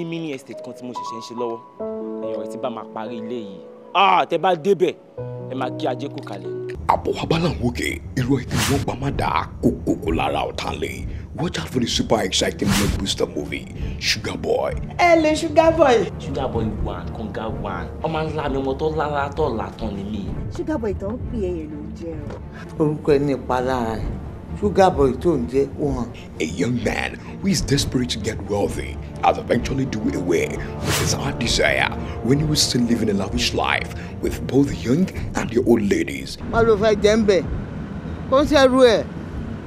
ní mini estate kan tí mo ṣẹ̀ṣẹ̀ ń ṣe lọ́wọ́ ẹ̀yìn ọ̀rẹ́ tí bá máa parí ilé yìí ah, tẹ bá débẹ̀ ẹ máa kí ajé kò kalẹ̀. àbọ̀ abálàwòkè irú ẹ̀ tí wọ́n pa má dà á kókókó lára ọ̀tá lè watch out for the super exciting blockbuster movie sugar boy. ẹ lè sugar boy. sugar boy one kanga one ọmọ ńlá mi ọmọ tó lálátọ̀ látọ̀ ni mí. sugar boy tó ń pè é yẹn ló jẹ́ o. orúkọ ẹni ìpalára ẹ̀ sugar boy tó ń jẹ́ ó hàn. a young man who is desperate to get wealthy has eventually do away with his hard desire when he was still living a lavish life with both young and the old ladies. wọ́n ló fẹ́ jẹ́ ń bẹ̀ kó ń ṣẹ́rú ẹ̀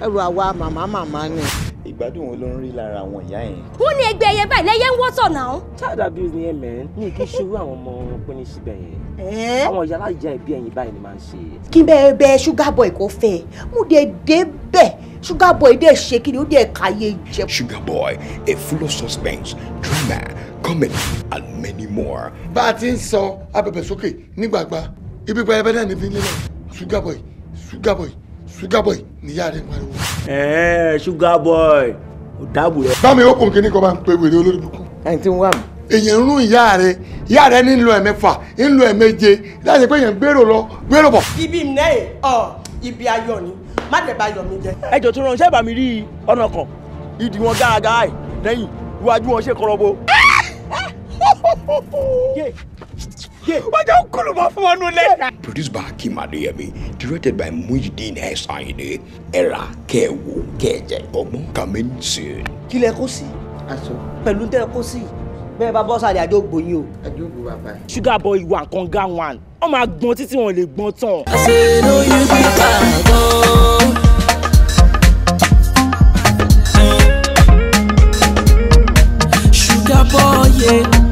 ẹ̀rù àwa màmá màmá ni ìgbádùn wo rí lára àwọn ìyá yẹn. wọ́n ní ẹgbẹ́ ẹyẹ báyìí lẹ́yẹ ń wọ́tọ̀ náà. child abuse ni ẹ mẹ́ ní kí ṣubú àwọn ọmọ ọkùnrin síbẹ̀ yẹn. àwọn ìyá aláìjá ẹbí ẹ̀yìn báyìí ni máa ń ṣe. kí n bẹ́ẹ̀ bẹ sugar boy kò fẹ́ mú de dé bẹ́ẹ̀ sugar boy dẹ̀ ṣe kí ó dẹ̀ káyé jẹ. sugar boy a full of suspense drama comedy and many more. bá a ti ń sọ abẹ̀bẹ̀ sókè nígbàgbà ibi pẹrẹbẹ náà ní fi sugar boy sugar boy Sugar boy, níyà rẹ̀ pariwo. ẹ̀ẹ́ eh, ṣúgà bọ̀ì ò dáàbò rẹ. bámi ó kùn kínní kan máa ń pe wèrè olórí bùkún. ẹni tí ń wà mí. èèyàn ń rún ìyá rẹ ìyá rẹ ní ń lo ẹ̀mẹ́fà ń lo ẹ̀mẹ́je láti pé èèyàn gbèrò lọ gbèrò bọ̀. ibi nẹ́ẹ̀ ọ ibi ayọ̀ ni má dẹ̀ bá yọ̀ mí jẹ. ẹ jọ tó ránṣẹ́ bàmí rí ọ̀nà kan ìdí wọn gáàgáà lẹ́yìn iwájú wọn ṣe kọ́rọ́bó. wọ́n jẹ́ fún wọn nulẹ̀. produced by Akeem Adeyemi directed by Muyideen S. Ayinde ẹ̀rà kẹwò kẹjẹ ọgbọ́n coming soon. kí lẹ kó sí. aṣọ. pẹ̀lú tẹ́ ẹ kó sí bẹ́ẹ̀ bá bọ́ sáré àjọ ògbò yín o. àjọ ògbò bàbá yìí. sugar boy wà kan one. wọn wọn máa gbọ́n títí wọn lè gbọ́n tán. àṣẹ ló yí pípa gan sugar boy Yeah.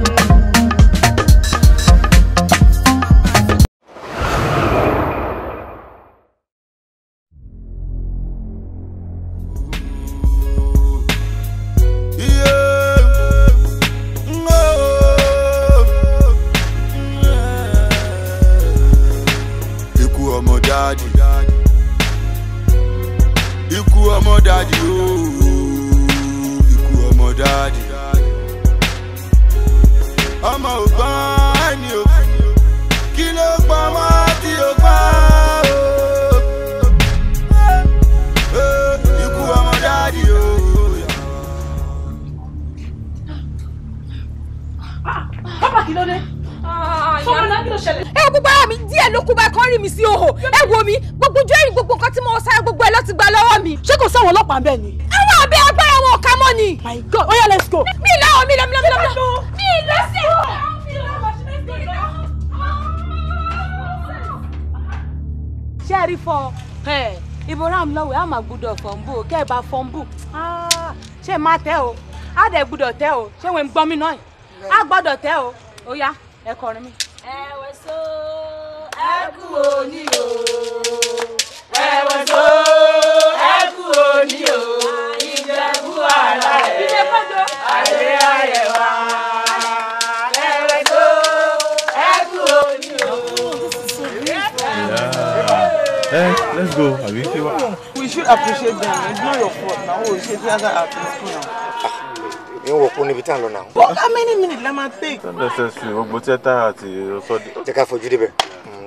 kálukú bá kán rí mi sí òhò ẹ wo mi gbogbo ojú ẹ̀yìn gbogbo nǹkan tí mo sáré gbogbo ẹ ló ti gba lọ́wọ́ mi. ṣé kò sáwọn ọlọ́pàá ń bẹ̀ ni. àwọn àbẹ agbára wọn ò mọ́ ni. my god oya let's go. mi lọ́wọ́ mi lọ́ mi lọ́ mi lọ́ mi lọ́ sí. ṣé ẹ rí fọ ibo ram lọwẹ a máa gbúdọ̀ fọ̀nbù kẹ́ ẹ bá fọ̀nbù ah, ṣé má tẹ́ o á dẹ̀ gbúdọ̀ tẹ́ o ṣé wọ́n ń gbọ́ mi náà á gbọ́dọ̀ tẹ́ o ó yá ẹ kọrin mi. ẹ wẹ sóò. Eh, let's go. o ẹ̀wọ̀n tó ẹkú òní o we should appreciate them. It's not your fault now. We should gather at the school now yóò wọ kó níbi tá à ń how many minutes la máa take. not necessary gbogbo tí ẹ tára àti sọdí. jẹ́ ká fojú débẹ̀.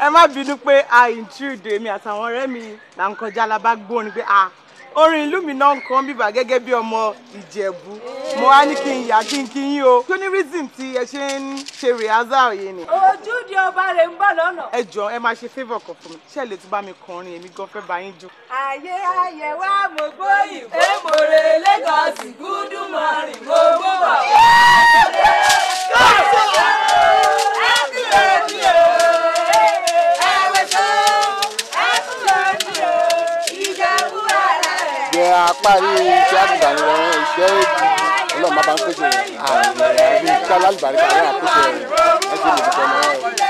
ẹ má bínú pé a intrude èmi àtàwọn ọ̀rẹ́ mi là ń kọjá la bá gbọ́ ni pé a. Ah, orin ìlú mi náà ń kan bíbà gẹ́gẹ́ bí ọmọ ìjẹ̀bú mo wá ní kí n yà kí n kí yín o kí ni ẹ ṣe ń ṣe rehearsal yìí ni. ojú di ọba rẹ̀ ń bọ̀ lọ́nà. ẹ jọ ẹ máa ṣe favour kan fún mi ṣé lè tún bá mi kọ orin èmi gan fẹ́ bá yín jó. àyè ayé wa mo gbóyìn èmòrè Lagos gúdúmọ̀rì mo gbó bàbá. ẹ ti lè di o. apárí iṣẹ́ àgbàlẹ̀ rẹ̀ iṣẹ́ èdè ọlọ́run má bá ń pèsè rẹ̀ àmì ìṣẹ́ alálùbáríkà rẹ̀ àpèsè rẹ̀ ẹ ṣe lè dúpẹ́ lọ́wọ́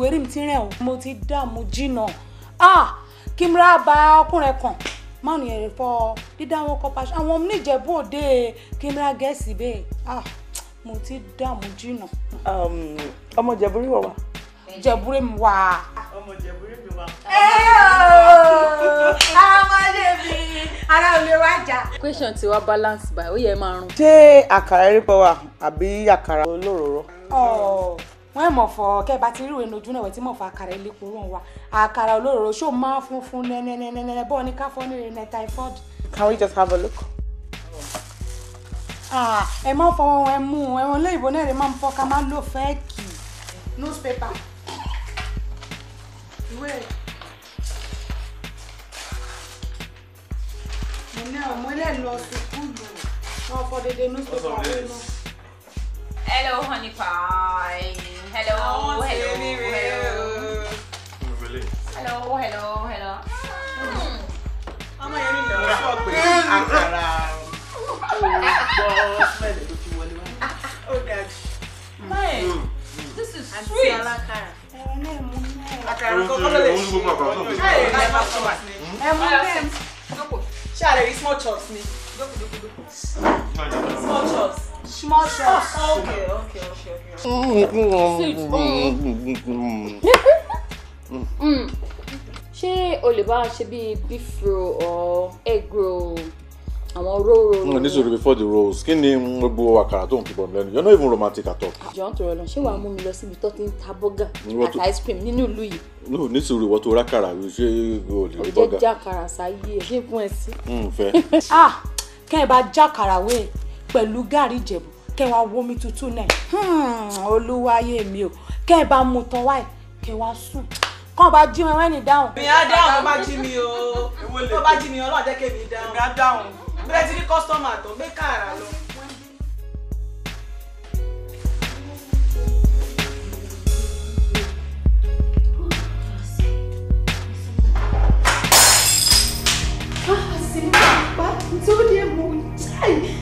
wérí mi ti rìn o mo ti dààmú jìnnà ah kí n ra bá ọkùnrin kan mánu yẹn fọ dídá wọn kọ paṣọ àwọn ọmọ níjẹ̀bú òde kí n ra gẹ̀ẹ́sì bẹ́ẹ̀ ah mo ti dààmú jìnnà. Um, ọmọ jẹ̀búrí wọ̀ wá. jẹ̀búrí mi wà. ọmọ jẹ̀búrí mi wà. ẹ ooo ọmọdé mi ara ò wá jà. question tiwa balance báyìí ó yẹ ṣé àkàrà erépa wà àbí àkàrà olóròró mọ̀fọ́ kẹ́ ẹ bá ti rí ìwé nojú náà wẹ̀ tí mọ̀fọ́ àkàrà ilé kúrò ń wa àkàrà olóró ṣó máa funfun nẹ́nẹ́nẹ́nẹ́ bọ́ọ̀ ní káfọ́nì rẹ̀ ní typhoid. Can we just have a look? ẹ máa ń fọwọ́ wọn mú ẹ̀wọ̀n olóyìnbó náà lè máa ń fọ́ ká máa lò fẹ́ẹ̀kì newspaper ìwé mo náà mo lè lọ sí kúlù wọn fọ dédé newspaper wọnú. Hello, honey pie. Hello, hello, hello. Hello, hello, hello. Hello. Hello. Hello. Ọmọ yẹn ní lọ sọ pé àkàrà gbọ́ mẹ́lẹ̀ tó ti wọlé wá. Ó dájú. Máyì, this is sweet. Àti alákàrà. Ẹ̀rọ náà mú náà. Àkàrà kọ́kọ́ ló lè ṣe ọ̀nà ìṣẹ́ ìrìn àmọ́ sọ wà. Ẹ mú bẹ́ẹ̀. Ṣé àlè rí small chops ni? Small chops. small shops. Ah, ah, okay, okay, okay. okay. ṣé o lè bá wa ṣe bíi beef roll or egg roll àwọn roll roll. Mm, ní sòrò before the rolls kí ni gbogbo àkàrà tó ń kí bọ̀mù lẹ́nu you're not even romantic at all. jọ̀ọ́ tọrọ lọ ṣé wàá mú mi lọ síbi tó ti ń ta bọ́gà àti ice cream nínú ìlú yìí. no ní sòrò ìwọ tó rákàrà ṣé o lè rí bọ́gà. ọjọ́ jákàrà sáyé ẹ̀ ṣé fún ẹ sí. Mm, ah kẹ́ ẹ bá jákàrà wẹ́ẹ̀ pẹ̀lú gàrí ìjẹ̀bù kẹ́ wá wómi tuntun náà hmm, olúwayé mi o kẹ́ ẹ bá mu tán wáyé kẹ́ wá sùn kọ́ bá jí mi wẹ́nì dáhùn. mi á dáhùn bá jí mi o tó bá jí mi ọlọ́run jẹ́ kémi dáhùn. mi á dáhùn bẹ́ẹ̀ ti rí kọ́sítọ́mà tó gbé kàrà lọ. Ah, c'est pas, tout est mon taille.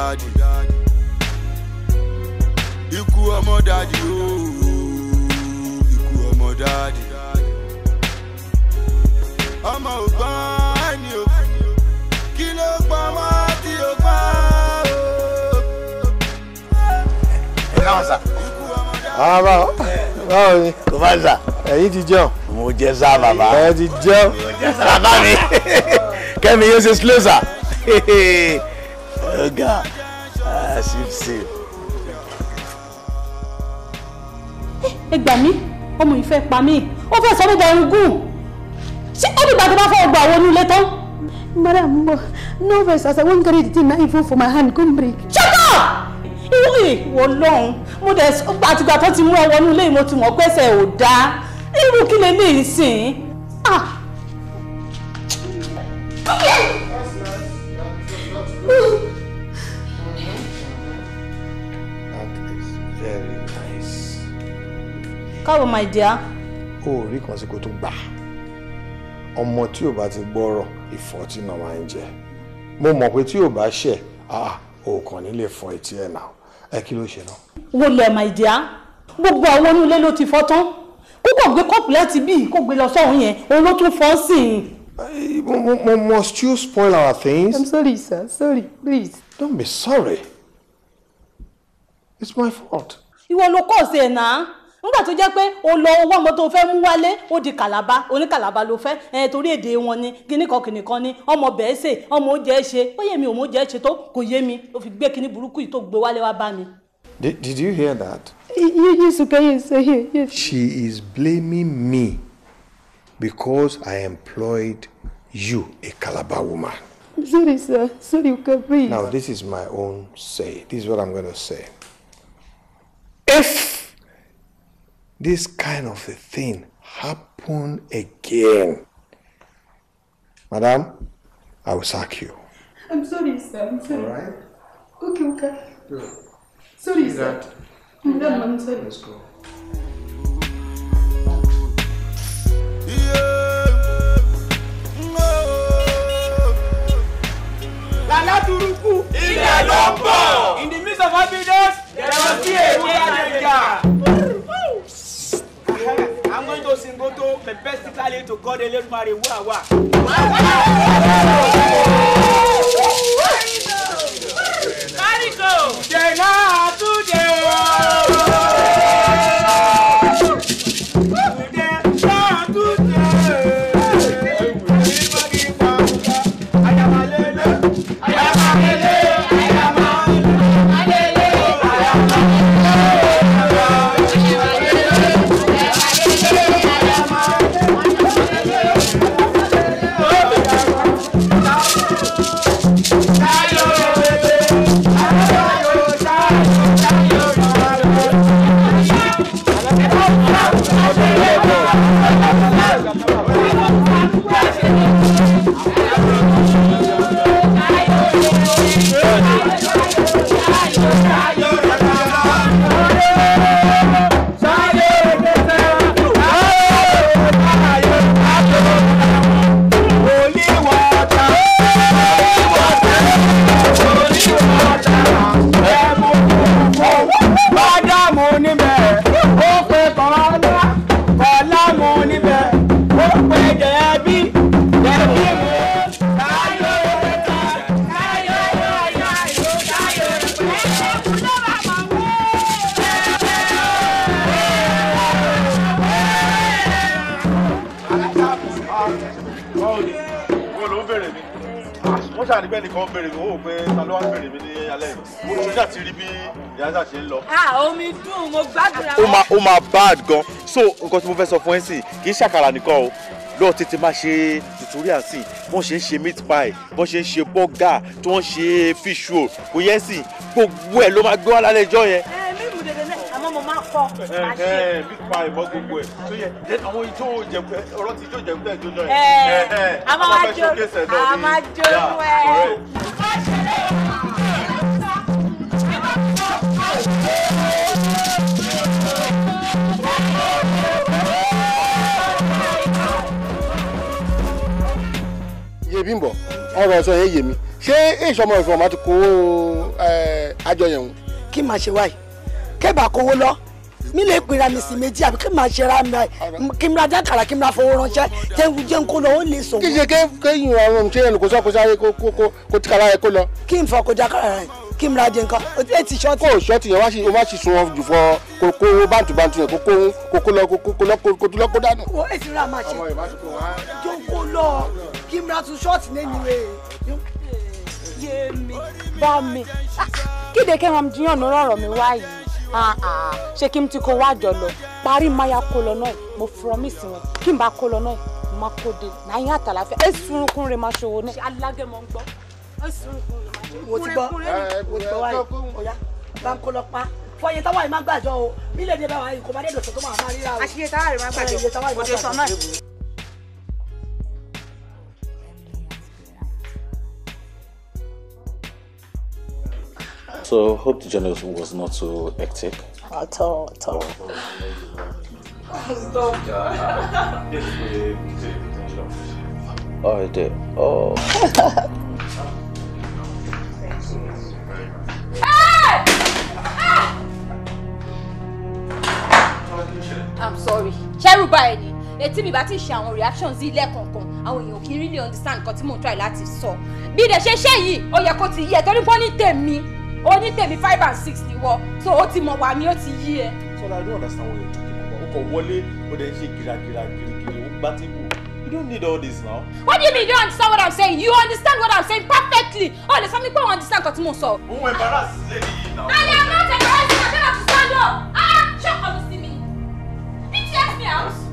Daddy, ikú ọmọ dáàdì ooo ikú ọmọ dáàdì ọmọ ògbọ́n ẹni o kí ló pa mọ́ tí o pa ooo. ẹ káwọn sá. àbá báwo ni. kò bá ń sà. ẹ̀yin ti jẹun. mo jẹ sá bàbá. ẹ ti jẹun. mo jẹ sá bàbá mi kẹ́mi yóò ṣe slow sá. ọ̀gá àṣìṣe. Ah, ẹ gbà mí ọmọ ìfẹ́ pa mí ó fẹ́ sọ mí dẹrù gùn ṣé ó dìgbà tó bá fọ́ ọgbà owó nílé tán. madam no vex as i wan carry the thing na even for my hand come break. shut up ìwé ìwọ lọ́hùn mo dẹ̀ àtìgbà tó ti mú ẹ wọnú ilé ìmọ̀tìmọ̀ pẹ́sẹ̀ ò dáa irú kí lè ní ìsìn. báwo oh, my dear. o ò rí kan sí kó tó gbà ọmọ tí ò bá ti gbọ́rọ̀ ìfọ́tí náà máa ń jẹ mo mọ̀ pé tí ò bá ṣẹ̀ ò ah, kàn nílé fọ etí ẹ̀ náà ẹ kí ló ṣe náà. wo lẹ my dear gbogbo àwọn onílé ló ti fọ́ tán kókò gbé kọ́ọ̀pù láti bíi kó gbé lọ sọ́hún yẹn òun ló tún fọ́ sí i. Eh, mo must you spoil our things. i'm sorry sir sorry please. don't be sorry it's my fault. ìwọ ló kọ́ ọ̀sẹ̀ náà nígbà tó jẹ́ pé o lọ owó ọmọ tó fẹ́ mú wálé ó di kàlàbà oníkàlàbà ló fẹ́ ẹ torí èdè wọn ni kíníkan kíníkan ni ọmọ bẹ́ẹ̀ ṣe ọmọ oúnjẹ ṣe ó yẹ mi ò mọ oúnjẹ ṣe tó kò yé mi ó fi gbé kíní burúkú yìí tó gbé wálé wá bá mi. Did, you hear that? Yes, okay, yes, yes. She is blaming me because I employed you, a Kalaba woman. Sorry, sir. Sorry, okay, please. Now, this is my own say. This is what I'm going to say. If this kind of a thing happen again, madam, I will sack you. I'm sorry, sir. I'm sorry. All right. Okay, okay. Good. Sorry, See sir. That. Madam, I'm sorry. Let's go. In the midst of happiness, there must be a way to I'm going to Singoto perpetually to God Elédùmarè wà wà. ó máa ó máa bad gan so nǹkan tí mo fẹ́ sọ fún ẹ sì kì í ṣàkàrà nìkan o lọ́ọ̀ tètè máa ṣe tutorial sí wọ́n ṣe ń ṣe meat pie wọ́n ṣe ń ṣe burger tí wọ́n ṣe fish roll kò yẹ sí gbogbo ẹ̀ ló máa gbé wá lálẹ́ ẹjọ́ yẹn. ẹ mi mú dèdè náà àmọ́ mo máa kọ́ máa ṣe. ẹ meat pie mọ gbogbo ẹ tó yẹ jẹ àwọn ijó jẹpẹ ọ̀rọ̀ ti ijó jẹpẹ tó náà. ẹ ẹ a máa jó a máa ṣe bí ń bọ̀ ọ̀rọ̀ ọ̀sán yẹn yé mi ṣé ìṣọmọ ìfọ̀n máa ti kó àjọ yẹn hùn. kí màá ṣe wáyé kébà kówó lọ mi lè pera mi sí méjì àbí kí màá ṣe ra mi kí n ra dákàrà kí n ra fowó ránṣẹ́ jẹun jẹun kó lọ ó lè sòwò. kí ṣe kéyìn ọrùn ṣe ẹnu kó sọ kó sáré kó tí kàrá yẹ kó lọ. kí n fọ kó dákàrà rẹ kí n ra jẹ nǹkan o ti lè ti ṣọ́ọ̀tì. kó o ṣọ́ọ̀tì yẹn wá sí o má sì sun jù fọ kó kó báńtù yẹn kó kó lọ kó lọ kó dúró kó dànù. o èsì rà máa ṣe jọ kó lọ. Ah, kí n ra tún ṣọ́ọ̀tì lẹ́nu rẹ̀. yé mi bá mi kéde kẹ́hàn jiyàn ní ọ̀rọ̀ mi wáyé ah, ah. ṣé kí n ti kó wájọ lọ parí máa kó lọ náà mo promise wọn kí n bá kó lọ náà má kó de náà yín àtàlàfẹ́ ẹ sunkún rẹ̀ máa ṣòwò náà. alágẹ̀ mọ̀ ń gbọ́ ẹ sunkún rẹ̀ máa ṣòwò. wo ti gbọ́ wo ti gbọ́ bá ń kó lọ pa fọyín táwa yìí má gbàjọ o mílíọ̀nù yẹn bá wà yìí kò má dé dòtò tó máa máa ríra o. àṣìyẹ táwa yìí má gbàjọ o kò dé sọ náà. So hope the journey was not too hectic. At all, at all. Stop. Oh, all right, dear. Oh. I'm sorry. Ṣẹ́rù bá ẹ ni, etí mi bá ti ṣe àwọn reactions yìí lẹ́ẹ̀kọ̀ọ̀kan, àwọn èèyàn kì í really understand nǹkan tí mò ń try láti sọ. Bí ìdẹ̀ ṣe ṣe yìí, ó yẹ kó ti yẹ torí pọ́n ní tèmi. Only onítèmi five and six ni wọ so ó ti mọ̀ wá mi ó ti yí ẹ. sọlá i don't understand what you're talking about o kò wọlé o dẹ̀ ń ṣe gíragíra girigiri o gbá tí kò you don't need all this now. what do you mean you don't understand what i'm saying you understand what i'm saying perfectly o lè sọ mi o understand nǹkan tí mo sọ. òun embarrass lady yìí náà. i am not embarrassed i don't have to stand up ah ṣọkọ mi sí mi bts me out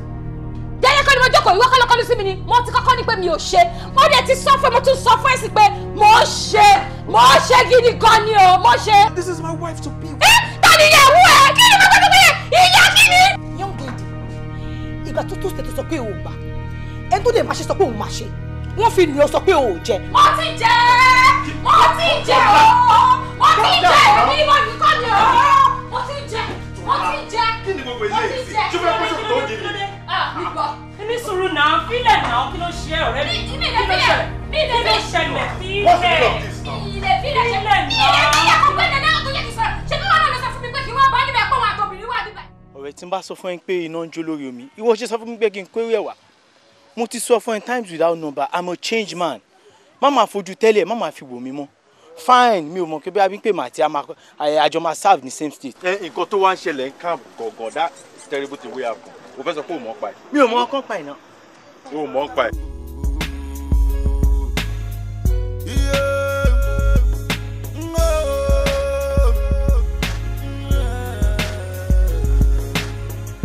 kọ́ ni mo jókòó ìwọ kọ́ lọ́kọ́ lù sí mi ni mo ti kọ́kọ́ ni pé mi ò ṣe mo dẹ̀ ti sọ fún ẹ mo tún sọ fún ẹ sí pé mo ṣe mo ṣe gidi gan ni o mo ṣe. this is my wife to be. ẹ tani ìyàwó ẹ kí ni mo gbọ́dọ̀ pé ìyá kí ni. young lady ìgbà tó tó tètè sọ pé òun bá ẹni tó lè máa ṣe sọ pé òun máa ṣe wọ́n fi nìyọ sọ pé o ò jẹ. mo ti jẹ mo ti jẹ o mo ti jẹ èmi ni mo ní kọ́ mi o mo ti jẹ mo ti jẹ mo ti jẹ èmi ni mo ní kọ́ mi bá sọ fún ẹ pé iná ń jó lórí omi, ìwọ ṣe sọ fún mi pé kí n kó ẹ̀wà. Mo ti sọ fún ẹ times without number, I'm a change man. Má máa fojú tẹ́lẹ̀, má máa fi wò mí mọ́ fine mi ò mọ̀ pé bí abípè mà àti àjọ máa serve ní same state. ẹ nǹkan tó wá ń ṣẹlẹ̀ ń kàn gọ̀gàn that terrible thing wey happen o fẹ́ sọ pé o mọ̀ pa ẹ̀. mi ò mọ ọkàn pa ẹ̀ náà. o mọ̀ pa ẹ̀.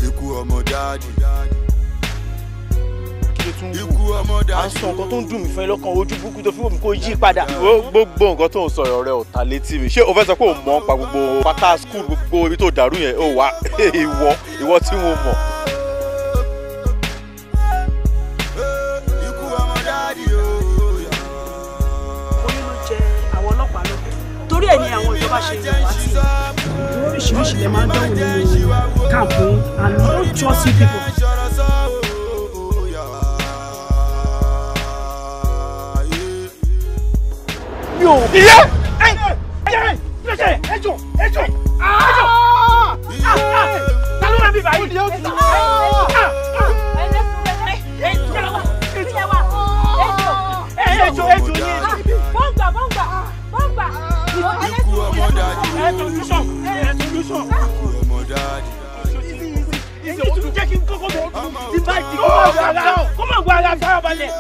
ikú ọmọ dáàdì. ikú ọmọ dáàdì. a sọ nǹkan tó ń dùn mí fún ẹ lọ́kàn ojú burúkú tó fi wò mí kó yí padà. gbogbo nǹkan tó ń sọ̀rọ̀ rẹ ò létí mi ṣé o fẹ́ sọ pé o mọ̀ pa gbogbo pátá skul gbogbo ibi tó dàrú yẹn o wá ìwọ ìwọ tí mo mọ̀. oríṣiríṣi lè máa ń dánwò nínú káàpù and no trusty people. mi ò. iye ẹ ẹ ẹ ẹ jọ ẹ jọ ẹ jọ ah! ah, ah, ta ló rẹ bí báyìí. ẹ jọ ẹ jọ yẹn. bọ́ǹgbà bọ́ǹgbà bọ́ǹgbà. ikú ọmọdé àjò. ẹ jọ sísọ solution. ọmọ dáàdì. Ah! èyí tún jẹ́ kí come on, come on, come on, come on, come on, come on, come on, come balẹ̀.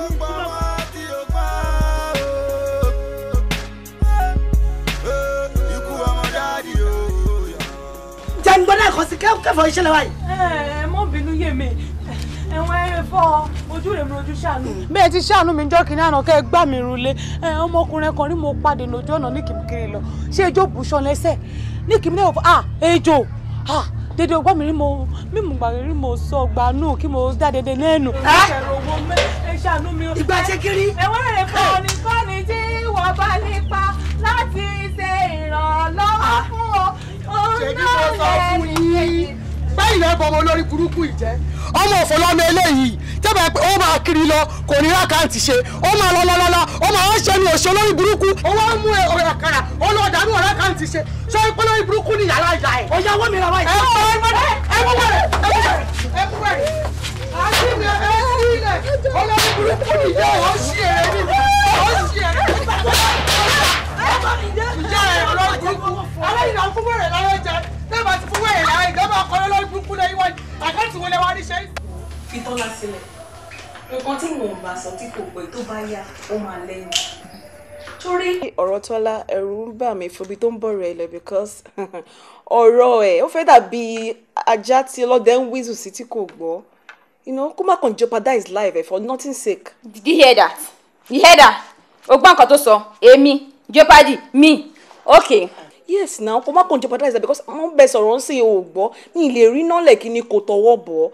jẹ́ngbọ́n ẹ̀kọ́ sí kẹ́fọ́ iṣẹ́ lẹ́wà yìí. ẹ ẹ mọ bínú yé mi ẹ̀wọ̀n ẹ̀rẹ̀ fọ́ ojú rẹ̀ mi ojú ṣàánú. bẹ́ẹ̀ ti ṣàánú mi jọ́ kínní àná kẹ́ ẹ gbà mí rúlé ọmọkùnrin kan rí mo pàdé lójú ọ̀nà ní kìrìkìrì lọ ṣé ijó bùṣọ lẹ́sẹ̀ ní kí mi náà fọ ah, ejò ah ọgbà mi rí mo mi mú gbà rí mo sọ gbà nù kí mo dá dèdè lẹ́nu. ìgbà ṣe kiri. ewúrẹ́ rẹ̀ kọ́ ni tí wọ́n bá nípa láti ṣe ìrànlọ́wọ́ ah. fún ọ. ṣèbí mo sọ fún yín báyìí lẹ́ bọ́ ọmọ olórí burúkú ìjẹ́ ọmọ òfòlọ́mọ eléyìí tẹ́bà pé ó máa kiri lọ kò ní rákàǹtì ṣe ó máa lọ lọ́lọ́lá ó máa ń ṣe ní òṣè olórí burúkú ó wá ń mú ọ̀rẹ́ àkàrà ó lọ dànù rákàǹtì ṣe sọ pé lórí burúkú ni yàrá ìyá ẹ̀. ọ̀yàwó mi làwọn ìyá ẹ̀ ẹ̀ ẹ̀ mú wẹ̀rẹ̀ ẹ̀ mú wẹ̀rẹ̀ àti ilẹ̀ ẹ̀ sí ilẹ̀ olórí burúkú ni ìyá ẹ̀ ó ṣì ẹ̀ ní ó ṣì ẹ̀ ní ìyá ẹ̀ olórí burúkú dábàá ti fún wẹ̀yẹ̀ láàrin ìjọba ọkọ̀rẹ́ lórí burúkú lẹ́yìn wọ́n àkáǹtì wo lẹ wá níṣẹ́. fi tọ́lá sílẹ̀ nǹkan tí mò ń bá sọ tí kò pẹ́ tó bá yá ó máa lẹ́yìn torí. ọ̀rọ̀ tọ́lá ẹ̀rù ń bà mí fún ibi tó ń bọ̀ rẹ̀ lẹ̀ because ọ̀rọ̀ ẹ̀ ó fẹ́ dàbí ajá tí ọlọ́dẹ ń wíìzù sí tí kò gbọ́ you know kó má kàn jeopardize life for nothing sake. did you hear that you hear that o gbọ́ nǹkan tó sọ èmi jeopardy me okay yes na kò má kò jeopardize that because àwọn bẹ sọ̀rọ̀ ń sìn o gbọ́ mi ì lè rí nọ́ọ̀lẹ̀ kí ni kò tọwọ́ bọ̀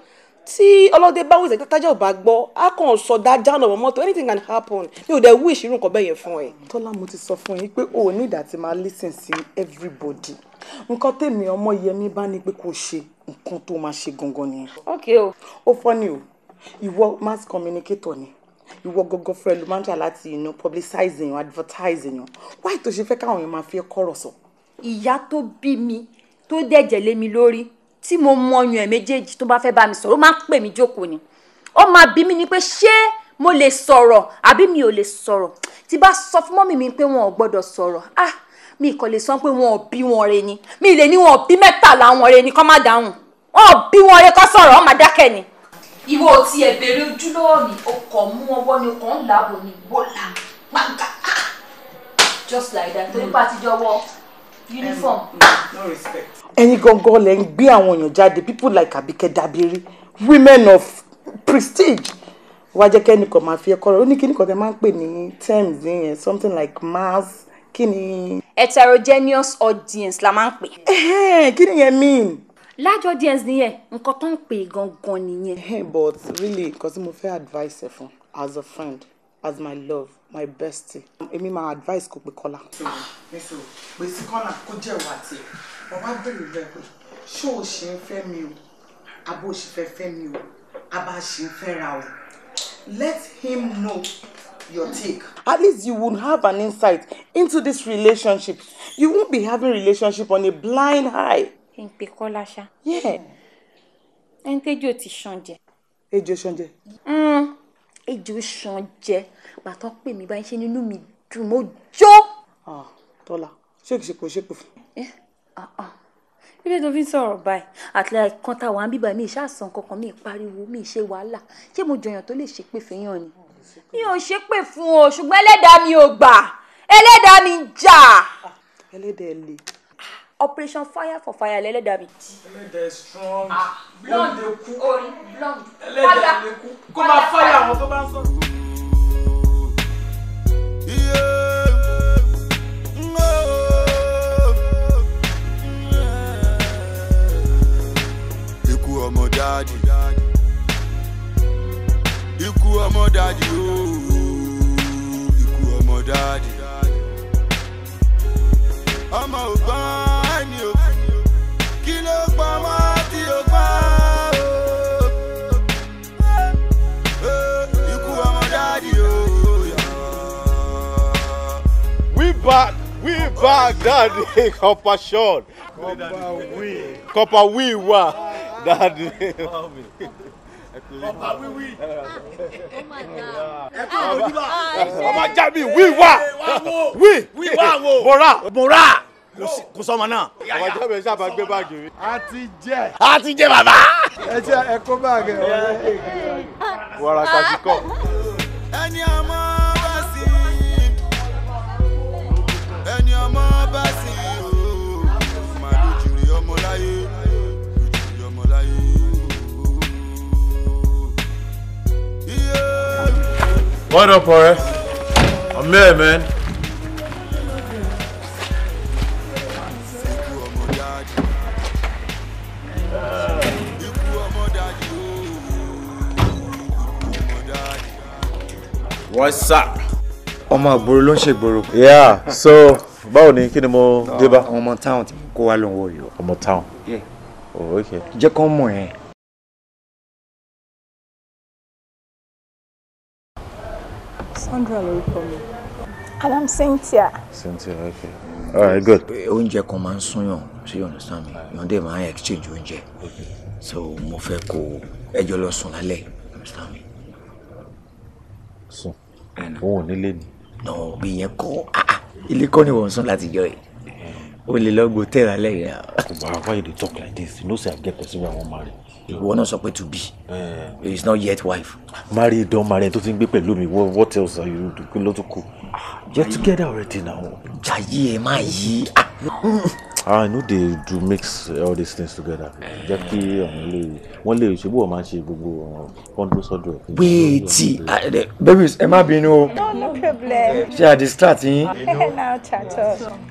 tí ọlọ́dẹ bá wíṣẹ́ tájà ò bá gbọ́ á kàn sọ dájá ọ̀nà mọ́tò anything can happen mi ò dẹ̀ wí ìṣirò nǹkan bẹ́ẹ̀ yẹn fún ẹ. tọ́lá mo ti sọ fún yín pé o ò ní ìdá tí máa listen sí everybody nǹkan tèmi ọmọ yẹmi bá ní pé kò ṣe nǹkan tó máa ṣe gangan nìyẹn. ok o. ó fọ́ ni o ìwọ mass communicator ni ìwọ gọgọ fẹlẹ ló máa ń jà láti you know publicizing advertising wáyé tó ṣe fẹ́ káwọn yẹn máa fi kọ́rọ̀ sọ. So ìyá tó bí mi tó dẹ̀jẹ̀ lé mi lórí tí mo mọ ọyàn ẹ̀ méjèèjì tó bá fẹ́ bá mi sọ̀rọ̀ ó máa ń pè mí jókòó ni ó máa bí mi ni pé ṣé mo lè sọ̀rọ̀ àbí mi ò lè sọ̀rọ̀ tí bá sọ fún mọ́mì mi pé wọn ò gbọ́dọ̀ sọ̀rọ̀ ah mi kò lè sọ pé wọn ò bí wọn re ni mi lè ní wọn ò bí mẹ́tàlá wọn re ni kọ́ má dáhùn wọn ò bí wọn re kọ́ sọ̀rọ̀ ọ́ má dákẹ́ ni. ìwọ ò tiẹ̀ béèrè ojúlówó mi o kò mú ọwọ́ ni o kò ń làbò ní wọ́lá gbàǹgà ah, just like that torí pàtijọ́ wọ́ uniform. Um, no respect. ẹ̀yin gangan lẹ ń gbé àwọn èèyàn jáde people like Abike Dabiri women of prestige wá jẹ́ kẹ́nìkan máa fi ẹ̀kọ́ rẹ̀ ó ní kíní kan máa ń pè ní terms yẹn something like mass kí ni. heterogeneous audience la máa ń pè. kí ni yẹn mean. large audience nìyẹn nǹkan tó ń pè gangan nìyẹn. but really nǹkan tí mo fẹ́ advice ẹ fún as a friend as my love my bestie. èmi máa advice kò pé kọ́lá. èso gbèsè kọ́nà kó jẹ́ ìwà tiẹ̀ bàbá béèrè rẹ pé ṣé o ṣì ń fẹ́ mi o àbó o ṣì fẹ́ fẹ́ mi o àbá ṣì ń fẹ́ o let him know your take. At least you would have an insight into this relationship. You won't be having relationship on a blind eye. Ìpè Kọ́lá ṣá. Ẹni tẹ́jọ́ ti ṣan jẹ. Ejò ṣan jẹ. Mm, ejò ṣan jẹ ìgbà tó pè mí báyìí ṣe nínú mi dùn mo jó. tọ́lá ṣé kìí ṣe kò ṣe pè fún. kílódé eh, tó fi ń sọ̀rọ̀ báyìí àtìlẹ́ kan tá wàá ń bíbá mi ìṣàsàn kankan mi ìpariwo mi ìṣe wàhálà ṣé mo jọyàn tó lè ṣépè fẹ́yàn ni. mi ò ṣépè fún o ṣùgbọ́n ẹlẹ́dàá mi ò gbà ẹlẹ́dàá mi ń jà. ẹlẹ́dàá ẹ le operation fire for fire lẹ́lẹ́dà mi. ẹlẹ́dà strong. blonde kú ẹlẹ́dà lè kú kó máa fire àwọn tó bá ń sọ. dáàdì ikú ọmọ dáàdì ooo ikú ọmọ dáàdì ọmọ ògbọ́n ẹni òkú kí ló pọ̀ mọ́ tí o pa ooo ikú ọmọ dáàdì ooo we back we back daddy. Copper short, Copper we. Copper we wa dáàdì ọba wíwí ẹkọ òdìbà ah, ọba jami wíwá wíwá wo bora bora kò sọmọ náà. ọba jami ẹ sábà gbé báàgì rí. a ti jẹ. a ti jẹ bàbá. ẹ jẹ ẹ kó báàgì ọ̀rẹ́ ẹ̀ wàràkà ti kọ. ẹni ọmọ bá sí ẹni ọmọ bá sí. What up, Ore? I'm here, man. What's up? Ọmọ àgbòrò ló ń ṣe gbòrò. Yeah, so báwo ni kí ni mo dé bá? Ọmọ town kó wá lóun wò yìí. Ọmọ town? Yeah. Oh, okay. Jẹ́ kó mọ̀ yẹn. Sandra lórúkọ mi. And I'm Cynthia. Cynthia, okay. All right, good. Oúnjẹ kan máa ń súnyàn, ṣé you understand me? Yọ̀ǹde máa ń exchange oúnjẹ. So mo fẹ́ kó ẹjọ́ lọ sùn lálẹ́, you understand me? Sùn. Òun ò nílé ni. Nà bí yẹn kọ́ ah, ah, ilé kọ́ ni wọ́n ń sùn láti jọ yìí o lè lọ go tẹ̀ lálẹ́ yìí. why you dey talk like this? You know say I get person wey I wan marry. Ìwọ náà sọ pé to be. Eh. He is not yet wife. Marry don marry ẹni tó ti ń gbé pẹ̀lú mi what else are you doing ló tún kù? Ah, together already now. Jàyé ẹ̀ máa yí. Ah ah i no dey do mix all these things together jẹ́ kí ọ̀hún lè wọ́n lè ṣe bó o máa ṣe gbogbo kọ́ńdó sọ́dọ̀ ẹ̀. wéètì eh, babies ẹ má bínú o eh, ṣe à distract yín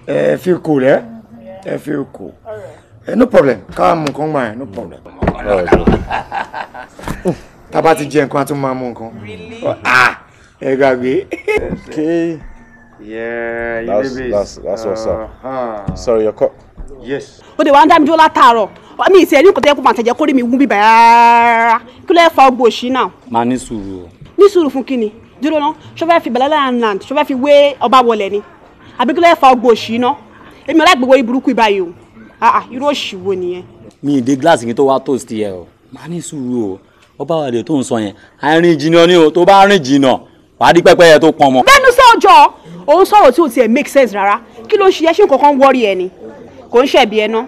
eh, ẹ fi kù rẹ ẹ fi kù no problem ká mú nǹkan gbà yẹn no problem. tá a bá ti jẹ nǹkan a tún máa mú nǹkan ah, ẹ gbàgbé. Yeah, that's, That's, that's what's up. uh Sorry, your cup. Yes. O de wa ń dá mi dúró látàárọ̀. Mi ìsẹ̀ ní ìkọ̀tẹ́ kó máa tẹ̀jẹ́ kó rí mi wú bíbá rárá. Kí ló yẹ fa ọgbọ́n òṣì náà? Máa ní sùúrù o. Ní sùúrù fún kíni? Dúró ná. Ṣé fẹ́ fi Bẹ̀lẹ́lá land ṣé fẹ́ fi wé ọba wọlé ni? Àbí kí ló yẹ fa ọgbọ́n òṣì náà? Èmi ọ̀la ìgbéwò burúkú ìbáyìí o. Àà ah, ah, irú òṣì wo nìyẹn? Mi ìdí gíláàsì yẹn tó wá toast yẹ o. Máa ní sùúrù o. Ọba wàlẹ̀ tó ń sọ yẹn. Àárín jìnnà ni o. Tó bá rìn jìnnà, wàá dí pẹ́pẹ́yẹ tó pọn òun sọ̀rọ̀ tí ò tiẹ̀ make sense rárá kí ló ń ṣe ẹṣin kankan wọ́ọ̀rì ẹ̀ ni kò ń ṣẹ̀bi ẹ̀ ná àà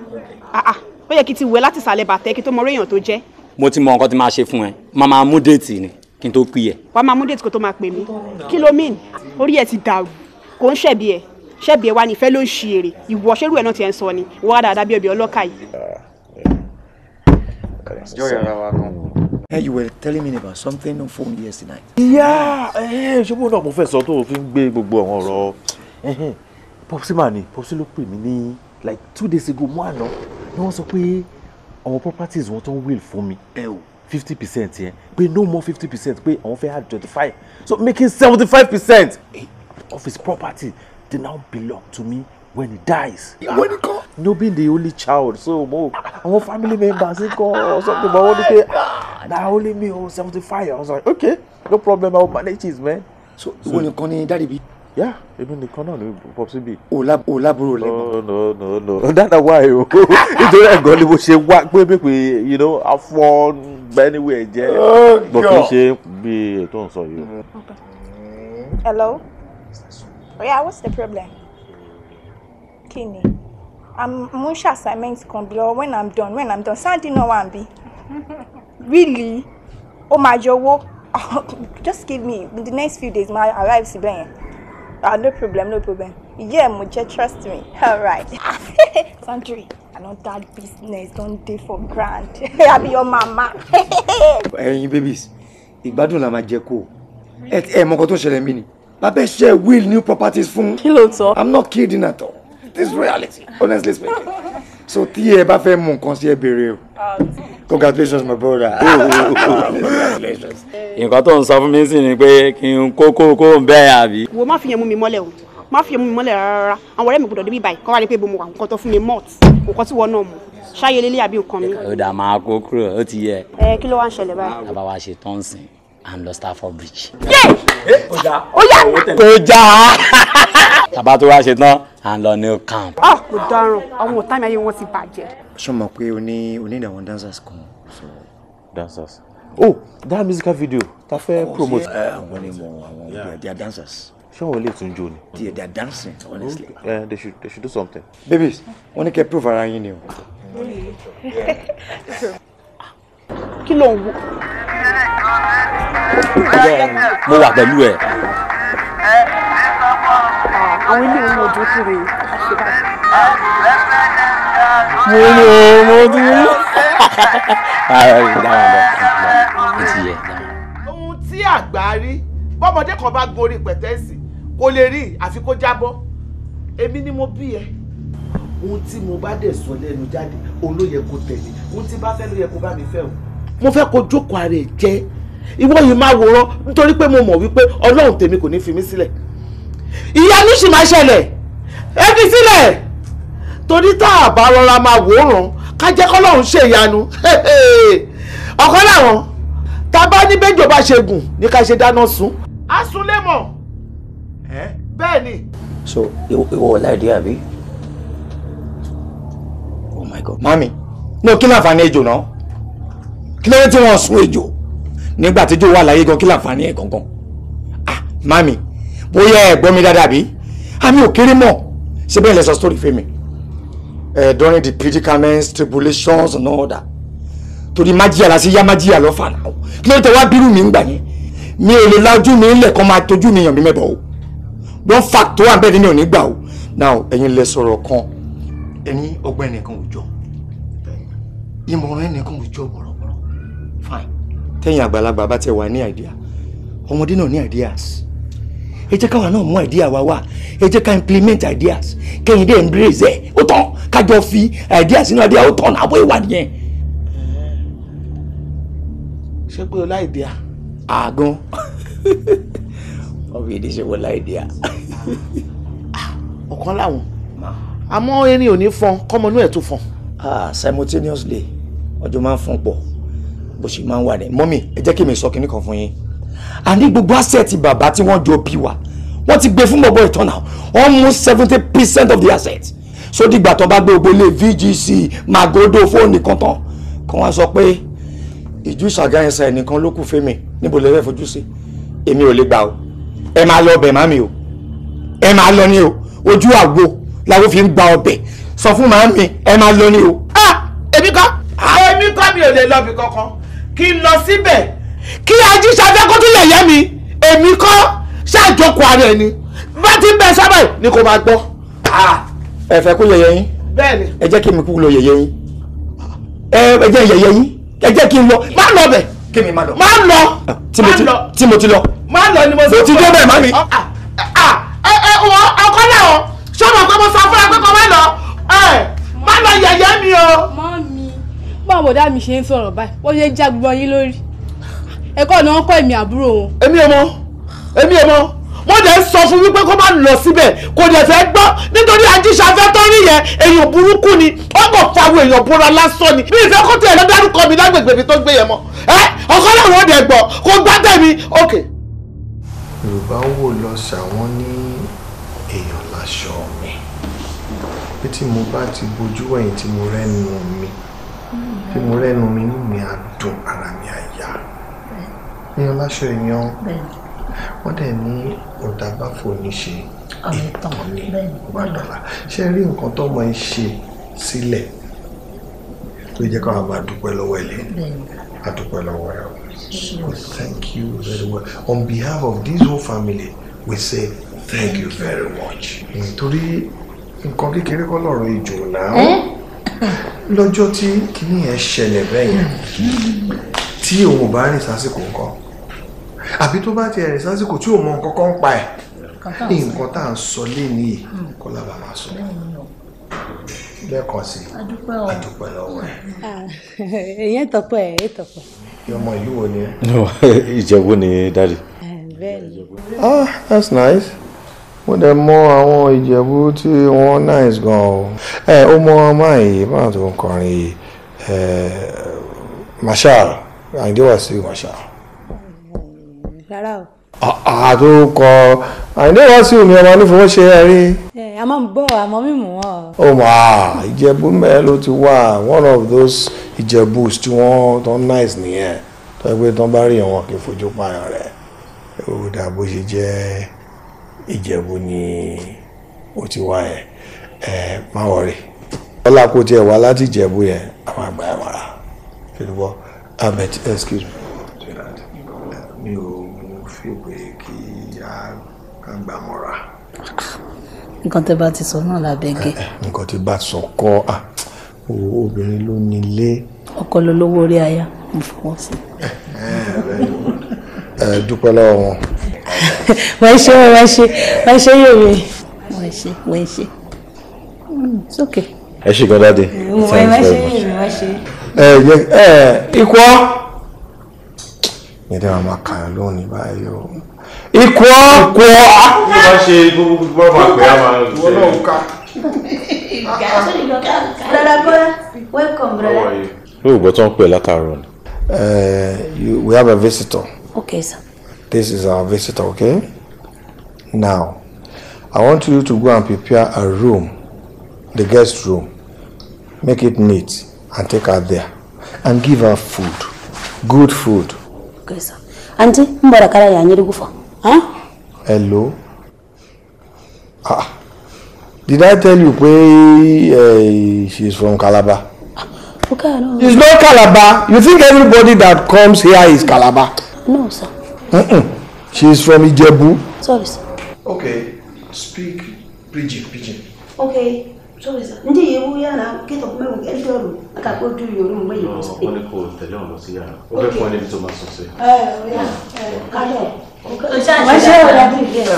ah, ah. ó yẹ kí ti wẹ̀ láti sàlẹ̀ bàtẹ́ kí tó mọ réèyàn tó jẹ́. mo ti mọ nǹkan tí máa ṣe fún ẹ máa máa mú déètì ni kí n tó pè ẹ. wàá máa mú déètì kó tó máa pè mí kí ló mean orí ẹ ti dàrú kò ń ṣẹ̀bi ẹ ṣẹ̀bi ẹ wá ní ìfẹ́ ló ń ṣe èrè ìwọ ṣerú ẹ náà ti ẹ Hey, you were telling me about something on phone yesterday night. Yeah, eh, ṣé mo náà mo fẹ́ sọ tó o fi ń gbé gbogbo àwọn ọ̀rọ̀ eh, eh, Popsi mà ni Popsi ló pè mí ní like two days ago mọ́ àná ni wọ́n sọ pé àwọn properties wọn tó ń will fún mi fifty percent yẹn pé no more fifty percent pé àwọn fẹ́ add twenty five so making seventy five percent eh, of his property dey now belong to me when he dies. When he call. No being the only child so mo àwọn family members n or something but wọ́n ní pé na only me o oh, seventy five I was like okay no problem I will manage this man. so when you ni dáàdi daddy be yeah. Even the corner, possibly bi. o laburo lẹ́gbọ̀n. no no no no That's why you oh. don't nítorí ẹ̀gọ́ ni mo ṣe Maybe we, you know afọ gbẹ́niwé oh, but jẹ́ bọ̀ kì í ṣe bí ètò ń sọ yìí o. hello oya yeah, what's the problem kíni mo ń ṣe assignment kan bí lọ when i'm done when i'm done sandy no wà ń really ó máa jọ owó just give me in the next few days máa arrive síbẹ̀ yẹn ah no problem no problem yeah mo jẹ trust me All alright sandry another business don dey for grand i be your mama. ẹyin babies ìgbádùn la máa jẹ kó ẹ mọ nǹkan tó ṣẹlẹ̀ mí ni lábẹ́ ṣe will new properties fún. kí ló tọ́. i'm not kidding at all this reality honestly speaking so tí ẹ bá fẹ́ mú nǹkan sí ẹ béèrè o congratulations my brother congratulations. nǹkan tó ń sọ fún mi sí ni pé kí n kó kó kó ń bẹ́ẹ̀ àbí. wo má fi yẹn mú mi mọ́lẹ̀ o má fi yẹn mú mi mọ́lẹ̀ rárá àwọn ọ̀rẹ́ mi gbọ́dọ̀ débi báyìí kọ́ wá rí pé bomo àwọn kan tó fún mi malt nǹkan tí wọ́n náà mú ṣáyẹlélé àbí nǹkan mi. ó dà máa kó kúrò ó ti yẹ. ẹ kí ló wá ń ṣẹlẹ̀ báyìí. bàbá ṣe tán sìn and lọ Stafford Bridge. ọjà ọjà tàbá tó wá ṣe tán à ń lọ new camp. a ah, kò dáràn àwọn ọ̀tá mi ayé wọn ti bàjẹ́. ṣé o mọ̀ pé o ní onídàwọn dancers kan. dancers oh that musical video ta fẹ́ oh, promote. ẹ eh, àwọn ni mo àwọn ọgbẹ they are dancers. ṣé wọn lè tún jó ni. they are dancing honestly. Uh, they should they should do something. babies wọn ní kẹ́ prove ara yín ni o. kí ló ń wo. mo wà pẹ̀lú ẹ̀. àwọn ilé ìwé ojú kiri mo ní o mo ti ní. ohun tí àgbà rí bọ́mọdé kan bá gorí pẹ̀tẹ́sì kò lè rí àfi kó jábọ́ èmi ni mo bí ẹ ohun tí mo bá dẹ̀ sọ lẹ́nu jáde òun ló yẹ kó tẹ̀lé ohun tí bá fẹ́ ló yẹ kó bá mi fẹ́ o. mo fẹ́ kó jókòó ara ẹ̀ jẹ́ ìwọ yìí máa wòran nítorí pé mo mọ̀ wípé ọlọ́run tèmi kò ní fi mí sílẹ̀ ìyanu sì máa ṣẹlẹ̀ ẹ fi sílẹ̀ torí tá a bá rọra máa wòran ká jẹ́ kọ́lọ́run ṣe ìyanu ọ̀kan làwọn tá a bá ní bẹ́jọ́ bá ṣe gùn ní ká ṣe dáná sun. a sun lé mọ̀ ni. so ìwọ ọ̀la ìdí àbí god. mami no kí láǹfààní ejò náà kí lóyún tí wọ́n sun ejò nígbà tí ejò wà láyé gan kí láǹfààní ẹ̀ gangan ah mami bóyá ẹ gbọ́ mi dáadáa bí àmì ò kéré mọ̀ ṣé bẹ́ẹ̀ lẹ sọ story fún mi uh, during the predicaments tribulations and all that torí májíà lásì yá májíà lọ fà náà kí lóyún tẹ wá bírù mi ń gbà yẹn mi ò lè lajú mi ńlẹ̀ kan máa tójú mi yàn mí mẹ́bọ̀ o wọ́n fà tó wà bẹ́ẹ̀ ni mi ò ní gbà o now ẹ̀yin lẹ sọ̀rọ̀ kan ẹ̀yin ọgbẹ́ nìkan ò jọ ìmọ̀ràn ẹnìkan ò jọ bọ̀rọ̀bọ̀rọ̀ fine tẹ́yìn àgbàlagbà bá tẹ wà ní idea ọmọdé náà ní ideas ẹ jẹ́ káwa náà mú idea wa wá ẹ jẹ́ ká implement ideas kẹ́yìn dé embrace ẹ̀ ó tán kájọ fi ideas sínú idea ó tán àbọ̀ ìwà nìyẹn. ṣé pé o láì dí a. àgán ọbẹ̀ èdè ṣe wọ láì dí a. ọ̀kan láwọn àmọ́ erin ò ní fọn kọ́mọnú ẹ̀ tó fọn. Ah, simultaneously ọjọ́ máa ń fún pọ̀ bó ṣe máa ń wà rẹ̀ mọ́mì ẹ jẹ́ kí èmi sọ kinní kan fún yín àní gbogbo asset bàbá tí wọ́n jọ bí wa wọ́n ti gbé fún bọ̀bọ̀ ìtọ́nà almost seventy percent of the asset so dìgbà tó bá gbé gbogbo ilé VGC Magodo fóònù kan tán kan wá sọ pé ìjú ìṣàgáyẹnsá ẹnìkan ló kù fẹ́mi níbo lè fẹ́ fojú sí èmi ò lè gbà o ẹ máa lọ ọbẹ̀ mami o ẹ máa lọ ní o ojú àgbo làwọn fi ń gba ọbẹ̀ sọ fún màmí ẹ máa lọ ní o mi ò lè lọ bí kankan kí n lọ síbẹ̀. kí ajíṣafẹ́ kó tún yẹ̀yẹ́ mi èmi kọ́ ṣàjọkọ̀ ara ẹni bá ti bẹ sábà ni kò máa gbọ́. ẹ fẹ́ kó yẹ̀yẹ́ yín bẹ́ẹ̀ni ẹ jẹ́ kí mi kú lọ yẹ̀yẹ́ yín ẹ jẹ́ yẹ̀yẹ́ yín ẹ jẹ́ kí n lọ má lọ bẹ̀ kí mi má lọ. má lọ tí mo ti lọ. má lọ ni mo sọ fún ọ. mo ti dé bẹ́ẹ̀ má mi. ẹ ẹ wọ ọkọ náà ṣọ́nà pé mo sọ fún ẹ pé kò má lọ má lọ yẹ̀yẹ́ mi o. mọ́ mi báwọn bọ̀dá mi ṣe ń sọ̀rọ̀ báyìí wọ́n ṣe ń já gbogbo yín lórí ẹ̀kọ́ ni wọ́n kọ́ èmi àbúrò wọn. èmi ò mọ èmi ò mọ wọ́n dẹ̀ sọ fún wípé kó má lọ síbẹ̀ kò dẹ̀ fẹ́ gbọ́ nítorí ajíṣafẹ́ tó rí yẹn èèyàn burúkú ni ó kò fa àwọn èèyàn bóra lásán ni bí ìfẹ́ kó tiẹ̀ lọ́dárúkọ mi lágbègbè mi tó gbé yẹn mọ́ ẹ ọkọ làwọn ọdẹ gbọ́ kó gbá tẹ̀mí òkè. yorùbá wò lọ ṣàwọn ní èèyàn láṣọ mi bí tí mo bá ti bojú ẹ̀yìn tí mo rẹ́nu mi tí mo rẹ́nu mi inú mi á dùn ara mi á yá èèyàn láṣọ èèyàn wọ́n dẹ̀ ní ọ̀dàbáfò ní ṣe ìtàn ní gbàdọ̀là ṣé rí nǹkan tọ́mọ ẹ ṣe sílẹ̀ tó jẹ́ káwọn máa dúpẹ́ lọ́wọ́ thank you very well on behalf of this whole family we say thank you very much. nítorí nǹkan kékeré kọ́ lọ́rọ̀ ìjò náà lọ́jọ́ tí kinní yẹn ṣẹlẹ̀ bẹ́yẹn tí òun ò bá rìn sásìkò nǹkan àbí tó bá ti rìn sásìkò tí òun mọ nǹkan kan pa ẹ̀ nǹkan tá à ń sọ léni yìí kó lábàá máa sọ lẹ́ẹ̀kan sí àdúpẹ́ lọ́wọ́ ẹ̀. èyàn ah, tọpẹ ẹ tọpẹ. ọmọ ìlú wo ni ẹ. ìjẹ̀bú ni dáàdi. Eh, bẹ́ẹ̀ ni. ah that's nice mo dẹ̀ mọ àwọn ìjẹ̀bú tí wọ́n nice gan o ẹ ó mọ máa yìí máa tó ń kọrin yìí Marshal Àyìndé Wàsíù Marshal. rárá o. àtòkọ Àyìndé Wàsíù ni ọmọ onífowó ṣe rí. a máa ń gbọ́ àmọ́ mímú wọn. ó mà ìjẹ̀bú mẹ́rin ló ti wà one of those ìjẹ̀bús tí wọ́n tó nice nìyẹn tó ẹgbẹ́ tó bá rí wọn kì í fojú pààyàn rẹ̀ ó dà bó ṣe jẹ́ Ìjẹ̀bú ni ó ti wá yẹn ẹ má wọrí ọlá kò tiẹ̀ wá láti Ìjẹ̀bú yẹn àwọn àgbà ẹ̀ wàrà fìlúbọ́ ahmed excuse me. mi ò mú fìwé kí a gbà mọ́ra. nǹkan tẹ́ bá ti sọ náà lábẹ́gẹ́. Eh, eh, nǹkan tẹ́ bá sọ kọ́ obìnrin ló nílé. ọkọ lolówó orí aya mo fọwọ́ sí. Eh, ẹ dúpẹ́ lọ́wọ́ wọn wọ́n ṣe wọ́n ṣe wọ́n ṣe yé mi. wọ́n ṣe wọ́n ṣe it's okay. ẹ ṣe gan dáadé. wọ́n ṣe yé mi wọ́n ṣe. ẹ ẹ ikọ́ mi dẹ́wọ̀n máa kàn án lónìí báyìí o ikọ́ ikọ́. bí wọ́n ṣe gbogbo bọ́ọ̀ máa pè é máa ń ṣe. wọ́n náà ń ká. brother bola welcome brother. yóò gbọ́ tó ń pè látàárọ̀ ni. we have a visitor. okay sir. This is our visitor, okay? Now, I want you to go and prepare a room, the guest room. Make it neat and take her there. And give her food, good food. Okay, sir. Auntie, mbora kara ya nyeri gufa. Huh? Hello? Ah. Did I tell you pé uh, eh, she's from Calabar? Ah, okay, no. She's not Calabar. You think everybody that comes here is Calabar? No, sir. Mm-mm. She is from Ijebu. Sorry, sir. Okay, speak pidgin pidgin. Okay, sorry, sir. Ǹjẹ́ Ijebu yàrá kẹ́tọ̀ mẹ́rin ẹ̀dọ́ ọ̀rùn àkàkọ́ ojú ìyọ̀rùn mẹ́rin ló sọ pé. Wọ́n ní kò tẹ̀lé ọ̀nà sí yàrá. Ó fẹ́ fún ọ níbi tó máa sọ sí. Ẹ ẹ kálọ̀. Wọ́n ṣe ọ̀rọ̀ àbí ìgbẹ́ ẹ̀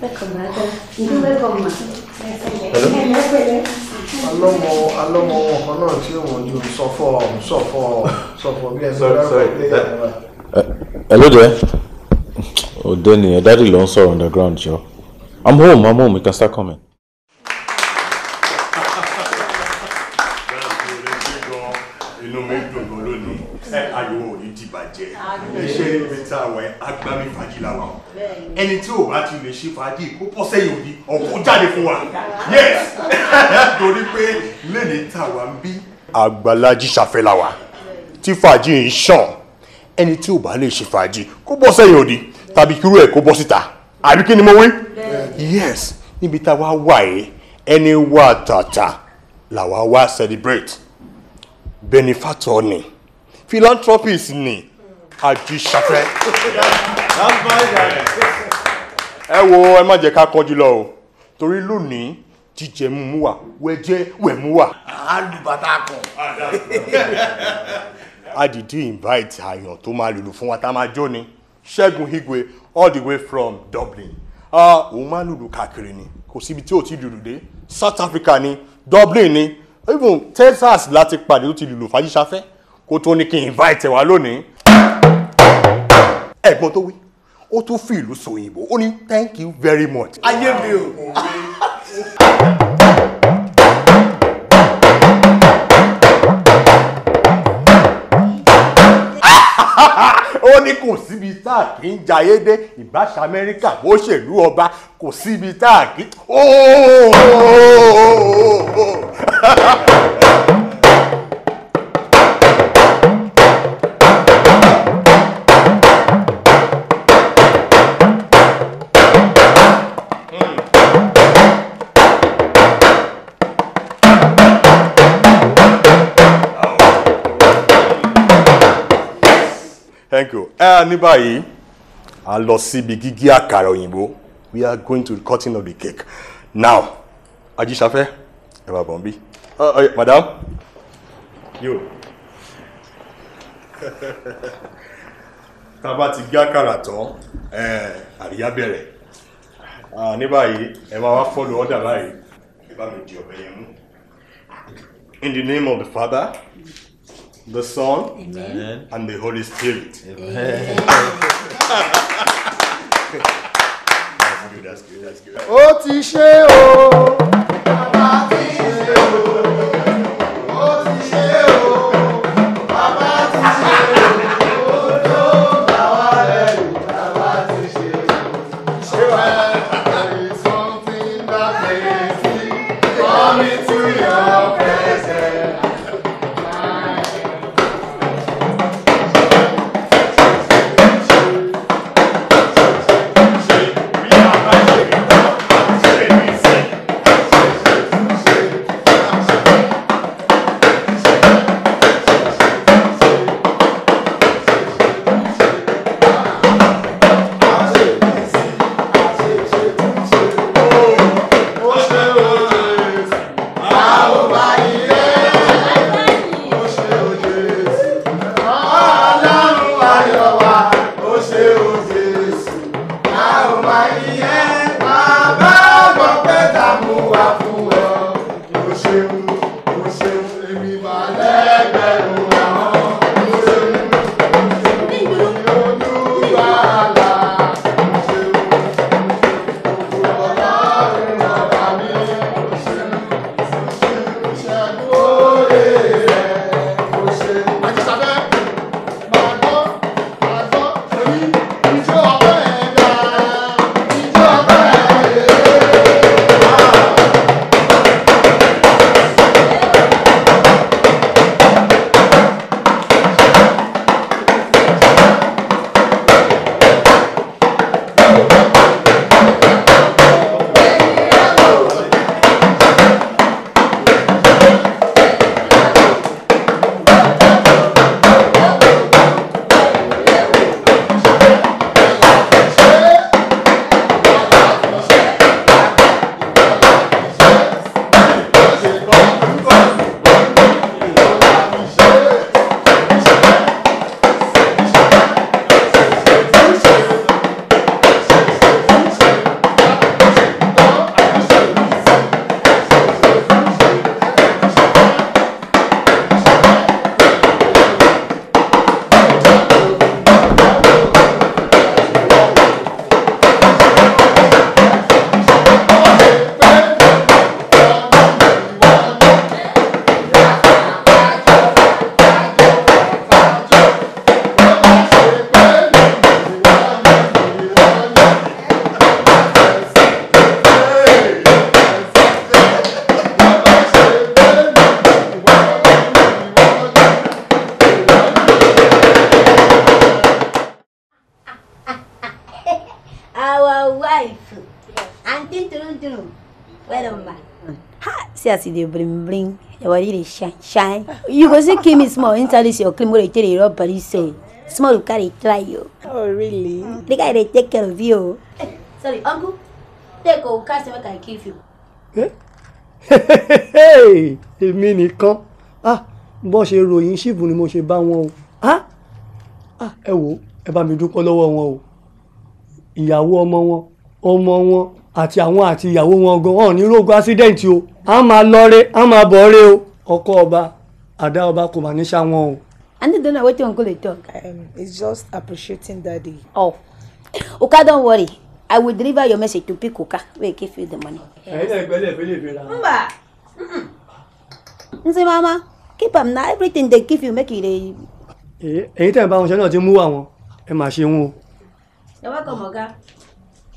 Welcome, brother. Welcome, ma. Hello. Hello, alọmọ alọmọ wọn kan náà tí òun yóò sọfọ sọfọ sọfọ bí ẹsẹ lọrọ pé ẹ ló jẹ òde nìyẹn dádì ló ń sọ̀rọ̀ on jọ i'm home i'm home We can start coming. inú mi dùn gan lónìí ẹ ayò òní dìbàjẹ́ ẹ ẹni tí ò bá ti lè ṣe fàájì kó pọ̀ sẹ́yìn òdi ọ̀kú jáde fún wa yes torí pé lẹ́ni tá a wà ń bí. àgbàlá jíṣàfẹ́ la wà tí fàájì ń ṣàn ẹni tí ò bá lè ṣe fàájì kó bọ́ sẹ́yìn òdi tàbí kírú ẹ̀ kó bọ́ síta àbí kí ni mo wí. yes níbi tá a wá wà yìí ẹni wà tààtà làwa wá celebrate benefactor ni philanthropist ni àjíṣàfẹ́ ẹ wo ẹ má jẹ́ ká kánjú lọ o torí lónìí jíjẹ mú wà wẹjẹ wẹmú wà. alùbàtà kan. adidi invite àyàn tó máa lùlù fún wa tá a máa jó ni ṣẹ́gun igwe all the way from Dublin òun máa lùlù káàkiri ni kò síbi tí ò ti lùlù dé South Africa ni Dublin ni even Texas láti pàdé tó ti lùlù fàjíṣafẹ́ kó tó ní kí invite ẹ̀ wá lónìí ẹ̀gbọ́n tó wí ó tún fi ìlú sòyìnbó ó ní thank you very much. ayé mi ò. ó ní kò síbi tá a kì í jayé dé ìbáṣà amẹ́ríkà bó ṣèlú ọba kò síbi tá a kì í. ẹ ní báyìí a lọ síbi gígé àkàrà òyìnbó we are going to the cutting of the cake now ajísafẹ́ ẹ bá bọ̀ ń bí madam yo tá a bá ti gé àkàrà tán àríyá bẹ̀rẹ̀ ní báyìí ẹ máa wá fọ́lù ọ̀dà báyìí ẹ bá mi di ọ̀bẹ yẹn mú in the name of the father. the Son, Amen. and the Holy Spirit. Amen. that's good, that's good, that's good. Ó ti ṣe dey bring. bling your body dey shine shine you go still kill me small interlace your cream wey dey take dey rub body sef small You carry try you. oh really. the guy dey take care of you. Eh, sorry uncle take o cash make i give you. Eh? èmi nìkan ah, bó ṣe ròyìn ṣìbù ni mo ṣe bá wọn o ah, ah, ẹ wò ẹ bá mi dúpọ́ lọ́wọ́ wọn o ìyàwó ọmọ wọn ọmọ wọn àti àwọn àti ìyàwó wọn gan wọn ní rògbò accident o a máa lọre a máa bọ̀ọ́rẹ́ o ọkọ ọba àdá ọba kò mà ní sá wọn o. i no don know wetin uncle dey talk. Um, it's just appreciating daddy. oh Uka don worry i will deliver your message to pick Uka wey give you the money. ẹyin náà gbẹlẹ ìfẹlẹ ìfẹlẹ. mba nse mama keep am na everything dey give you make you dey. èyí tẹ̀ ń bá wọn ṣe náà ti mú àwọn ẹ máa ṣe wọn o. ẹ wá kọ́ mọ̀gá.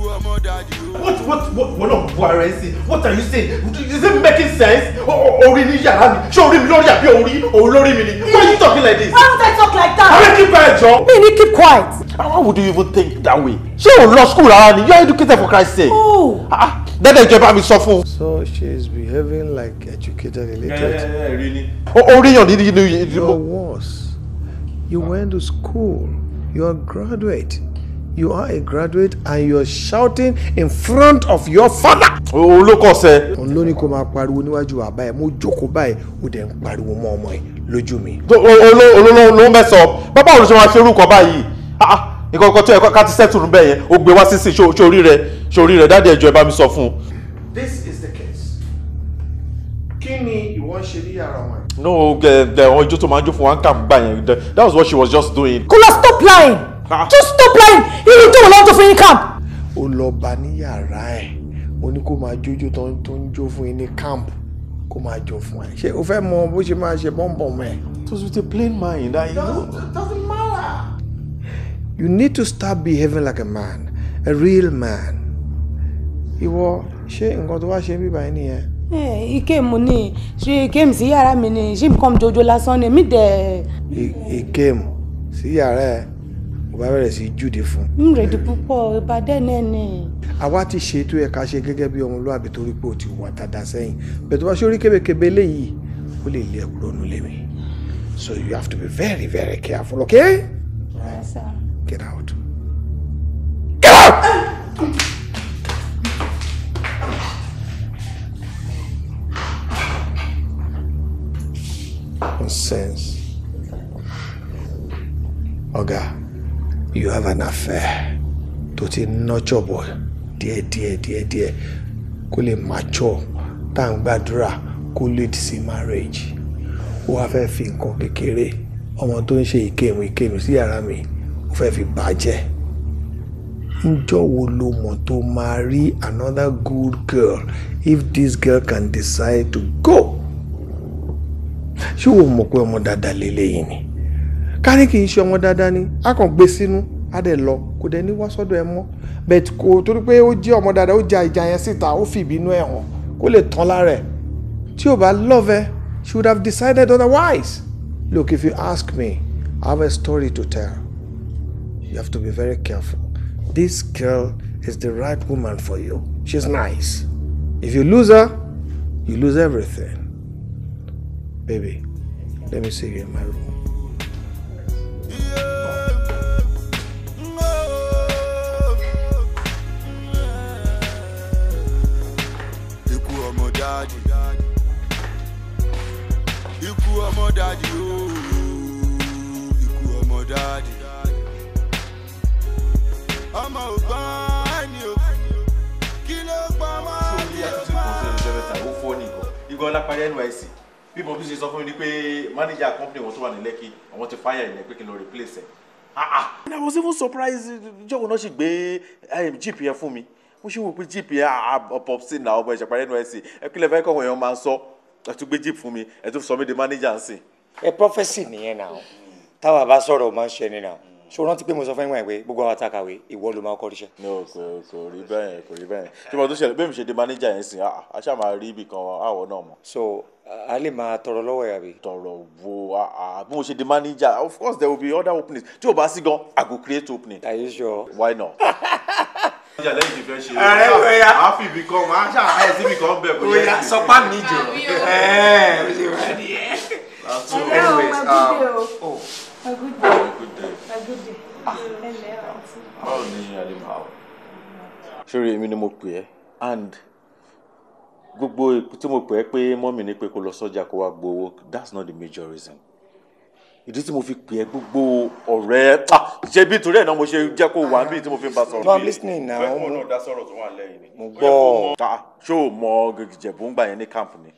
What what what what not buaresi? What are you saying? Is it making sense? Orí ni yàrá mi. Ṣé orí mi lórí àbí orí olórí mi ni? Why are you talking like this? Why would I talk like that? Abẹ́ keep quiet jọ. Mi ni keep quiet. How would you even think that way? Ṣé o lọ school rárá ni? You are educated for Christ's sake. Oh. Ah, dẹ́dẹ̀ ìjọba mi sọ fún So she is behaving like educated related. Yeah, yeah, yeah, really. Orí yàn nínú. You're worse. You went to school. You are graduate you are a graduate and you are shouting in front of your father. òun ló kọ sẹ. òun ló ní kó máa pariwo níwájú bàbá ẹ mo jókòó báyìí ó dẹ̀ ń pariwo mọ́ ọmọ ẹ lójú mi. olólùwọ́n ló ń bẹ́ sọ bàbá òun ṣe máa ṣerú kan báyìí ah, ah, nǹkan kan tó yẹ ká ti sẹ́tù níbẹ̀ yẹn ó gbé wá sísìn sórí rẹ sórí rẹ dáàdi ẹjọ́ ẹ bá mi sọ fún un. this is the case kí ni ìwọ ń ṣe ní yàrá wọn. no gẹ̀ gẹ̀ ọjọ́ tó máa ń jó fún wa ń kà ń gbà yẹn that was what she was just doing. Kola stop lying. Ah. just stop lying irú tó wọn lọ́wọ́ tó fún yín camp. ó lọ bá ní yàrá ẹ̀ mo ní kó máa jójó tó ń jó fún yín ní camp kó máa jọ fún ẹ ṣé o fẹ́ mọ bó ṣe máa ṣe bọ́m̀bọ̀m ẹ. just with a plain mind that you know. doesn't matter. you need to start behaving like a man a real man. ìwọ ṣé nǹkan tó wá ṣe bíbá ẹ nìyẹn. Eh, ike mu ni ṣe ike mu sí yàrá mi ni ṣé mi kàn jojo lásán ni mi dẹ. ike mu sí yàrá ẹ bá bẹ̀rẹ̀ sí í jùdí fún. ń rèdí púpọ̀ ìbàdàn náà ni. àwa ti ṣe tó yẹ ká ṣe gẹ́gẹ́ bí ọmọlúwàbí torí pé o ti wà dáadáa sẹ́yìn bẹ́ẹ̀ bá ṣe kébékébé léyìí ó lè lé ẹ̀kú lónú lé so you have to be very very careful okay. Yes, sir. get out. get out. nonsense. ọ̀gá. Okay you have an affair tó ti nurture bọ̀ díẹ̀díẹ̀ díẹ̀díẹ̀ kó lè mature tá à ń gbàdúrà kó lead sí marriage ó wá fẹ́ fi nǹkan kékeré ọmọ tó ń ṣe ìkéèmù ìkéèmù sí yàrá mi ó fẹ́ fi bàjẹ́ ǹjọ́ wo lo mọ̀ tó máa rí another good girl if this girl can decide to go ṣé o mọ̀ pé ọmọ dáadáa lélẹ́yìn ni ká ní kì í ṣe ọmọ dáadáa ni a kàn gbé sínú á dẹ̀ lọ kò dẹ̀ ní wá sọ́dọ̀ ẹ mọ́ bẹ́ẹ̀ kò torí pé ó jẹ́ ọmọ dáadáa ó ja ìjà yẹn síta ó fi ìbínú ẹ̀ hàn kó lè tán lára ẹ̀ tí ò bá love she would have decided otherwise look if you ask me I have a story to tell you have to be very careful this girl is the right woman for you she's nice if you lose her you lose everything baby let me see you in my room. ọmọ dàdí ooo ikú ọmọ dàdí. ọmọ ògbọ́n ẹni o kí ló pa ọmọ àti ọmọ. igun ọlápàdé NYSC bí mo tún ṣe sọ fún mi ni pé manager company wọn tó wà ní Lekki àwọn ti fire ìyẹn pé kí n lọ replace ẹ. and I was even surprised jọ́wọ́ náà ṣì gbé eh, jeep yẹn fún mi mo ṣe wò pé jeep yẹn àbọ̀pọ̀ ah, ah, sí ní àwọn ọmọ ìṣẹ̀pá NYSC ẹ kí lè fẹ́ kọ́ wọ̀nyẹn máa ń sọ ẹ tún gbé jeep fún mi ẹ tún sọ mí di manager nsìn. ẹ prophecy nìyẹn náà táwa bá sọ̀rọ̀ o máa ń ṣe ni náà ṣó rántí pé mo sọ fún ẹ̀wọ̀n ẹ̀ pé gbogbo àwọn àtàkàwé ìwọ ló máa kọ́ ríṣẹ́. ní o kò kò rí bẹ́ẹ̀ kò rí bẹ́ẹ̀ tí mo tún ṣẹlẹ̀ bí mi ṣe di mánéjà yẹn sìn ah, a ṣáà máa rí ibì kan ah, àwọ̀ náà mọ̀. so a lè máa tọrọ lọ́wọ́ ẹ̀ àbí. tọrọ wo ah, bí mo ṣe di mánéjà of course there will be other openings tí o bá sí gan i go create opening. are you sure. why not. ìjà lẹ́yìn tí fẹ́ ṣe rẹ̀ wá fi ibì kan wá ṣàkàyè síbì kan bẹ̀ kò yẹ kí. sọpá mi jò ẹ̀ẹ́ o ṣe wá ní ẹ̀. so anyways um, oh. ah. báwo ni alimau. ṣeré èmi ni mo pè ẹ́ and gbogbo tí mo pè ẹ́ pé mọ́mì ni pé kó lọ sọ́jà kó wá gbowó that's not the major reason ìdí tí mo fi pè é gbogbo ọ̀rẹ́ ṣe bí ìtúrẹ́ náà mo ṣe jẹ́ kó wà bí tí mo fi ń bá sọ̀rọ̀. bá listening na ọmọ náà dá sọ̀rọ̀ tó wà lẹ́yìn ni. mo gbọ́ ṣó o mọ Ìjẹ̀bú ń gbà yẹn ní camp ni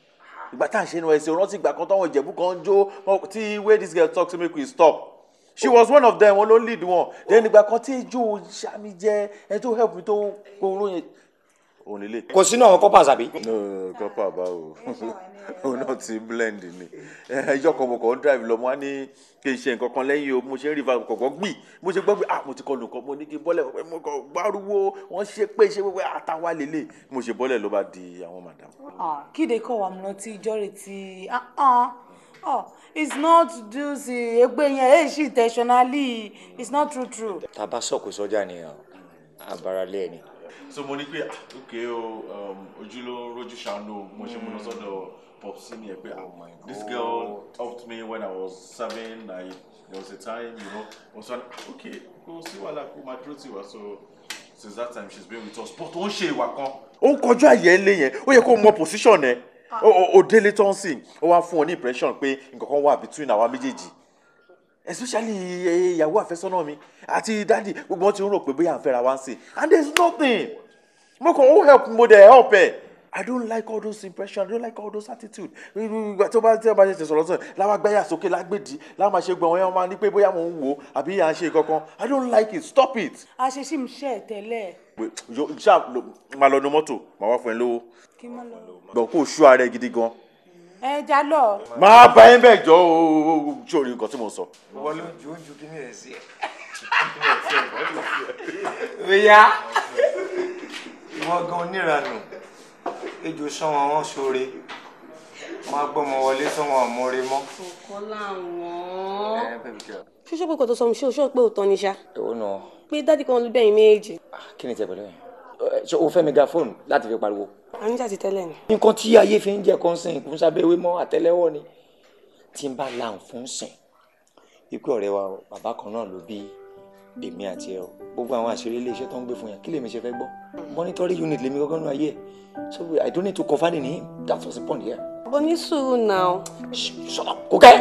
ìgbà tá à ń ṣe ni wọ́n ṣe rántí ìgbà kan táwọn Ìjẹ̀bú kan jó tí wey this girl talk to me quick stop she was one of them wọn ló lead wọn then ìgbà kan tí ijó sami jẹ ẹni tó help me tó gbòòrò yẹn òun nílé. kò sínú àwọn kọ́pà àbí. no kọ́pà báwo òun náà ti blend ni ẹjọ́ kan mo kàn ń drive lọ mo á ní kí n ṣe nǹkan kan lẹ́yìn o mo ṣe ń rí ìfàkùn kọ̀ọ̀kan gbì mo ṣe gbọ́ pé ah mo ti kọlu nǹkan mo ní kí n bọ́lẹ̀ pé mo kàn gbárùwò wọ́n ṣe pé ṣe pé àtàwà lélẹ̀ mo ṣe bọ́lẹ̀ ló bá di àwọn madam. kíde kọ́ wa mọ̀ tí ìjọ rẹ̀ ti oh it's not juicy egbe yẹn èyí sì intentionally it's not true true. tàbá sọ̀kò sọ́jà nìyẹn àbáralé ni so mo ní pé ah, okay o um, ojú ló rojú ṣàánú mo ṣe múná hmm. sọ́dọ̀ pop sí ni ẹ pé oh this girl helped me when I was serving like there was a time you know mo sọ ni ah, okay kò sí wàhálà kó máa dúró tiwa so since that time she's been with us but ó ń ṣe ìwà kan. ó ń kọjú àyè ẹ lé yẹn ó yẹ kó mọ position ẹ òdélé ah. tó ń sìn ó wá fún ọ ní impression pé nǹkan kan wà between àwa méjèèjì especially eh, ìyàwó àfẹ́sọ́nà mi àti dáàdi gbogbo wọn ti ń rò pé bóyá à ń fẹ́ra wá ń sìn and there is nothing mo kàn ó help mo dẹ̀ help ẹ̀. I don't like all those impressions. I don't like all those attitudes. tó bá tí bá ṣe sọ̀rọ̀ sọ̀rọ̀ láwa sókè lágbèdì láwa máa gbọ̀n wọn máa ní pé bóyá mò ń wò àbí à ń ṣe kankan. I don't like it. Stop it. àṣeṣì ń ṣe tẹ́lẹ̀. ṣá máa lọ nu mọ́tò máa wá fún ẹ lówó. kí má lọ. gbọ̀n kó o ṣú ara ẹ gidi gan. ẹ já lọ. máa bá ẹ bẹ́ẹ̀ jọ ṣé o rí nǹkan tí mo sọ. wọ́n ló ìwọ gan oníranù ejò sọmọ wọn sóore wọn á gbọmọ wọlé sọmọ àmúre mọ. ọkọ làwọn. ṣíṣe pé kò tó sọ mi ṣé o ṣọ́ pé òótọ́ ni ṣá. èwo nà. pé dádì kan ló bẹ̀yìn méjì. Ah, kí ni tẹ̀pẹ̀lẹ́ yẹn ṣe o fẹ́ mi ga fóònù láti fi pariwo. à ń jà ti tẹ́lẹ̀ ni. nǹkan tí ayé fi ń jẹ kan sìn kún sábẹ́ ewé mọ́ àtẹ́lẹ́wọ́ ni tí n bá la òfin sìn ikú ọ̀rẹ́ wa bàbá kan náà ló bí èmi àti ẹ o gbogbo àwọn àṣírí ilé iṣẹ́ tó ń gbé fún yẹn kí lèmi ṣe fẹ́ gbọ́ monitoring unit lèmi kọ́kọ́ nù ayé so I don't need to confide in him that was the point here. bó náà. shut up kò kẹ́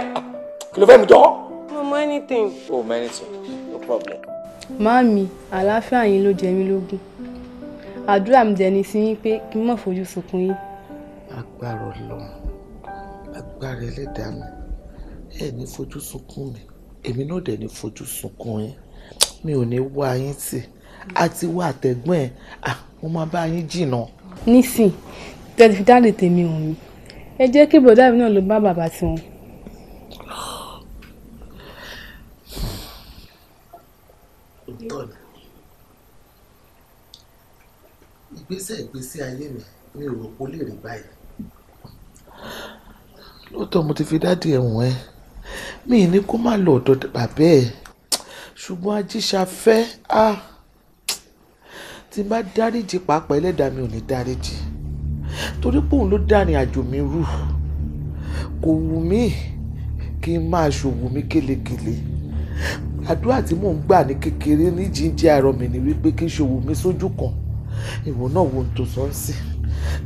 kí ló fẹ́ mi jọ. no mọ anything. oh mọ anything no problem. Màámi, àlàáfíà yín ló jẹ mí lógún. Àdúrà mi dẹ̀ ni sí yín pé kí n má fojú sunkún yín. Agbára Ọlọ́run, agbára ẹlẹ́dàá mi, ẹ ní fojú sunkún mi, èmi náà dẹ̀ ní fojú sunkún yín mi ò ní wá yín tì àti wá àtẹ̀gbọ́n ẹ̀ à mo máa bá yín jìnnà. nísìn tẹ́lẹ̀ fi dáàdì tèmi hàn mí ẹ jẹ́ kí bọ̀dá mi náà ló bá bàbá tiwọn. ìgbésẹ̀ ìgbésẹ̀ ayé mi mi ò rò pé ó lè rí báyìí lóòótọ́ mo ti fi dáàdì ẹ̀wọ̀n ẹ mi ní kó má lọ ọ̀dọ̀ bàbá ẹ̀ ṣùgbọ́n ajíṣafẹ́ a ah, ti bá dáríjì pàápàá ẹlẹ́dàá mi ò ní dáríjì torí pé òun ló dárìn àjò mi rú kò wù mí kí n máa ṣòwò mi kélekèle àdúrà tí mò ń gbà ní kékeré ní jíjẹ àrọ mi ni wípé kí n ṣòwò mi sójú kan ìwọ náà wo tó sọ ń sìn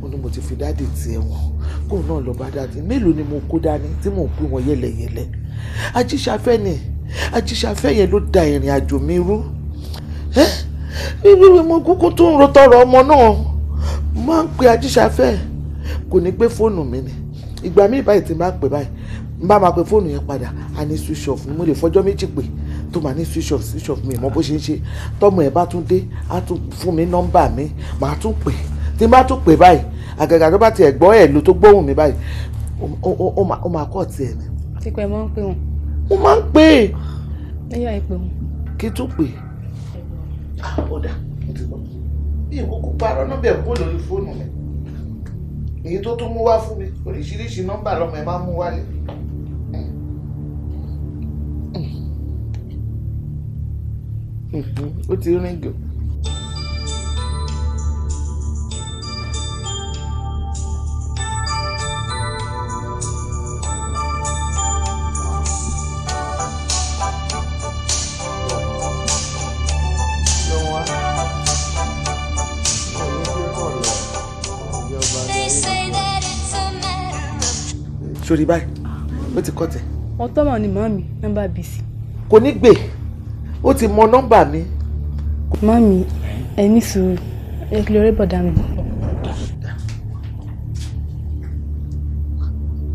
mo ní mo ti fi dáàdì ti ẹ̀wọ̀n kóun náà lọ bá dáàdì mélòó ni mo kó dání tí mò ń pè wọ́n yẹlẹyẹlẹ ajíṣafẹ́ ni. Yele ajíṣafẹ́ yẹn ló da ìrìn àjò mi rú bíbí mo kúkú tún ń ro tọrọ ọmọ náà máa ń pe ajíṣafẹ́ kò ní gbé fóònù mi ni ìgbà míì báyìí tí n bá pè báyìí n bá máa pe fóònù yẹn padà a ní switch off mo lè fọjọ́ méjì pé tó máa ní switch off switch off mi ìmọ̀ bó ṣe ń ṣe tọ́mọ ẹ̀ bá tún dé á tún fún mi nọ́mbà mi màá tún pè tí n bá tún pè báyìí àgàgà tó bá tiẹ̀ gbọ́ ẹ̀ ló tó gbóhùn mi báyìí ó máa kọ́ tiẹ̀ ni. tipẹ́ mọ́ ń pè wọ́n mo máa ń pè é. ẹyọ ẹ pè wọn. kí tó pè é. Ah, ọ̀dà mo ti gbọ́ bí ìkókó parọ́ níbẹ̀ kó lórí fóònù rẹ̀ èyí tó tún mú wá fún mi oríṣiríṣi nọ́mbà lọ́mọ ẹ máa mú wálé. Mm-hmm. Mm-hmm. ó ti rìn gàn. sórí báyìí ó ti kọ́ tẹ̀. ọtọ́ mà ni màmí nọ́mbà bìsì. kò ní gbè ó ti mọ nọ́mbà mi. màmí ẹ ní sùúrù ẹ kí lóore bọ̀dá mi.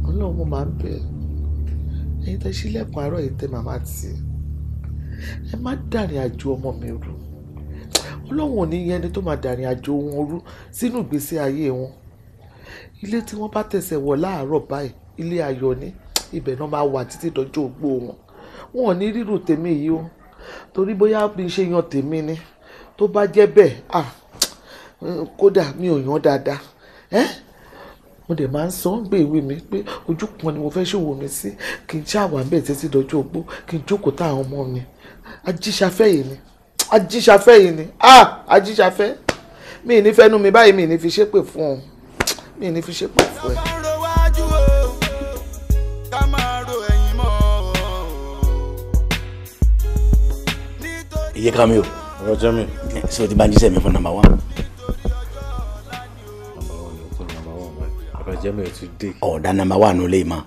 ọlọ́run mo máa ń bẹ̀ ẹ̀yin tẹ́ sílẹ̀kùn àárọ̀ yìí tẹ́ màmá tì ẹ má dàrin àjò ọmọ mi rú ọlọ́run ò ní yẹn ẹni tó máa dàrin àjò wọn rú sínú ìgbésí ayé wọn ilé tí wọ́n bá tẹ̀sẹ̀ wọ̀ láàárọ̀ báyìí ilé ayọ̀ ni ibẹ̀ náà máa wà títí dọjọ́ ogbó wọn wọn ò ní rírù tèmi yìí o torí bóyá mi ṣe yan tèmi ni tó bá jẹ́ bẹ́ẹ̀ à kódà mi ò yan dáadáa ẹ́ mo dẹ̀ máa ń sọ ń gbé ìwé mi pé ojú kan ni mo fẹ́ ṣòwò mi sí kí n ṣáà wà ń bẹ̀ títí dọjọ́ ogbó kí n jókòó tá àwọn ọmọ mi ajíṣafẹ́ yìí ni ajíṣafẹ́ yìí ni ah ajíṣafẹ́ mi ì ní fẹ́nu mi báyìí mi ì ní fi ṣépè fún ọ mi ì ní fi ṣépè fún ẹ. iye kan mi o. ọ̀rọ̀ jẹ́ mi. ṣé o ti bá mi fún number one. number one number one báyìí ọ̀rọ̀ jẹ́ ọ̀dà number one nulẹ̀ yìí mọ́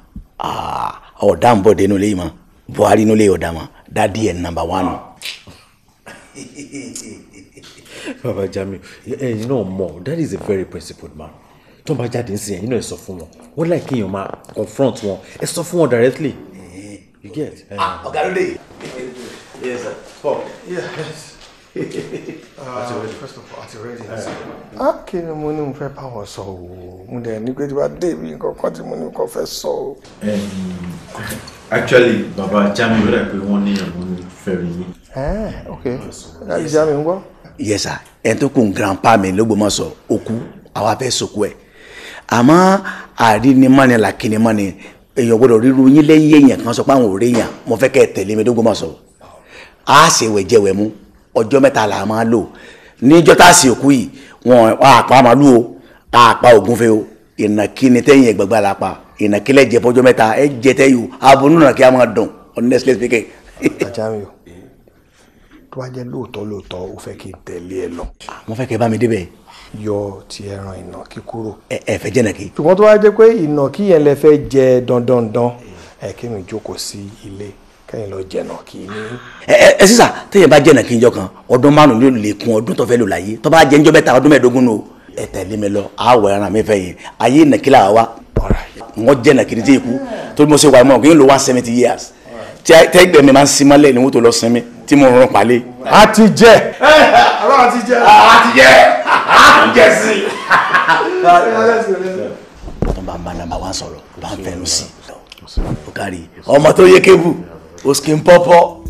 ah, ọ̀dà ń bọ̀ dé nulẹ̀ yìí mọ́ Buhari nulẹ̀ yìí ọ̀dà mọ́ dádì ẹ̀ number one. bàbá Jamiu ẹ̀yin náà mọ̀ that is a very principled man tó ń bá jáde ń sìn ẹ̀yin náà ẹ sọ fún wọn wọn láì kéèyàn máa confront wọn ẹ sọ fún wọn directly eh. you get. Ah, ọ̀gá ló dé. Yes, sir. Paul. Yeah, yes. Aki uh, ah, ni mo ní mo fẹ́ bá wọn sọ o, mo dẹ̀ ní pé tí wàá dé ibi nǹkan kan tí mo ní kò fẹ́ sọ o. Um, actually, bàbá Jami wẹ́rẹ́ pé wọ́n ní àwọn fẹ́ràn yín. Eh, ok, Jami ń gbọ́. Yes sir, ẹni tó kún grandpa mi l'Ógbómọ̀ṣọ́ òkú àwa fẹ́ sòkú ẹ̀. Àmọ́ àrínimáni làkínimáni èèyàn gbọ́dọ̀ ríru yín lẹ́yìn èèyàn kan sọ pé àwọn ò rí èèyàn mo fẹ́ kẹ́ ẹ tẹ̀lé mi l'Ógbómọ̀ṣọ́ a ṣe wẹ̀jẹ̀wẹ̀ mú ọjọ́ mẹ́ta là máa lò níjọ́ tá a sì òkú yìí wọn àpá màálù o àpá ògúnfe o ìnàkí ni tẹ́yìn ẹ̀gbẹ̀gbà la pa ìnàkí lẹ́jẹ̀ fọjọ́ mẹ́ta ẹ jẹ tẹ́yìn o abonú nàkí a máa dùn honestly speaking. ajami o tó bá jẹ́ lóòótọ́ lóòótọ́ o fẹ́ kí n tẹ̀lé ẹ lọ. mo fẹ́ kẹ́ bá mi débẹ̀. yọ ti ẹran ìnàkí kúrò. ẹ ẹ fẹ́ jẹ nàkí. ṣùgbọ́n tó bá jẹ́ pé ìnàkí yẹn lẹ fẹ́ jẹ dandandan ẹ kí mi jókòó sí ilé kẹ́yìn lọ jẹ̀nà kí ni. ẹ ẹ sísà téèyàn bá jẹ̀nà kí n jọ kan ọdún márùn yóò lè kún ọdún tó fẹ́ lò láyé tó bá jẹ́ njọ́ mẹ́ta ọdún mẹ́ẹ̀ẹ́dógún nù. ẹ tẹ̀lé mi lọ àwọ̀ ẹran mi fẹ́ yìí ayé ìnàkílà wa wọ́n jẹ̀nà kí ni tí èkú torí mo ṣe wà mọ́ kí n lo one seventy years tẹ́gbẹ́ mi máa ń sin mọ́lẹ̀ ni wọ́n tó lọ sinmi tí mo rán palẹ̀. a ti jẹ. ọlọ́run a ti jẹ. a ti jẹ a ti jẹ sí i. bàbá mi bá nàbà wá sọ̀rọ̀ bá fẹnu sí o kárí ọmọ tó yé kébù skin pọ́pọ́.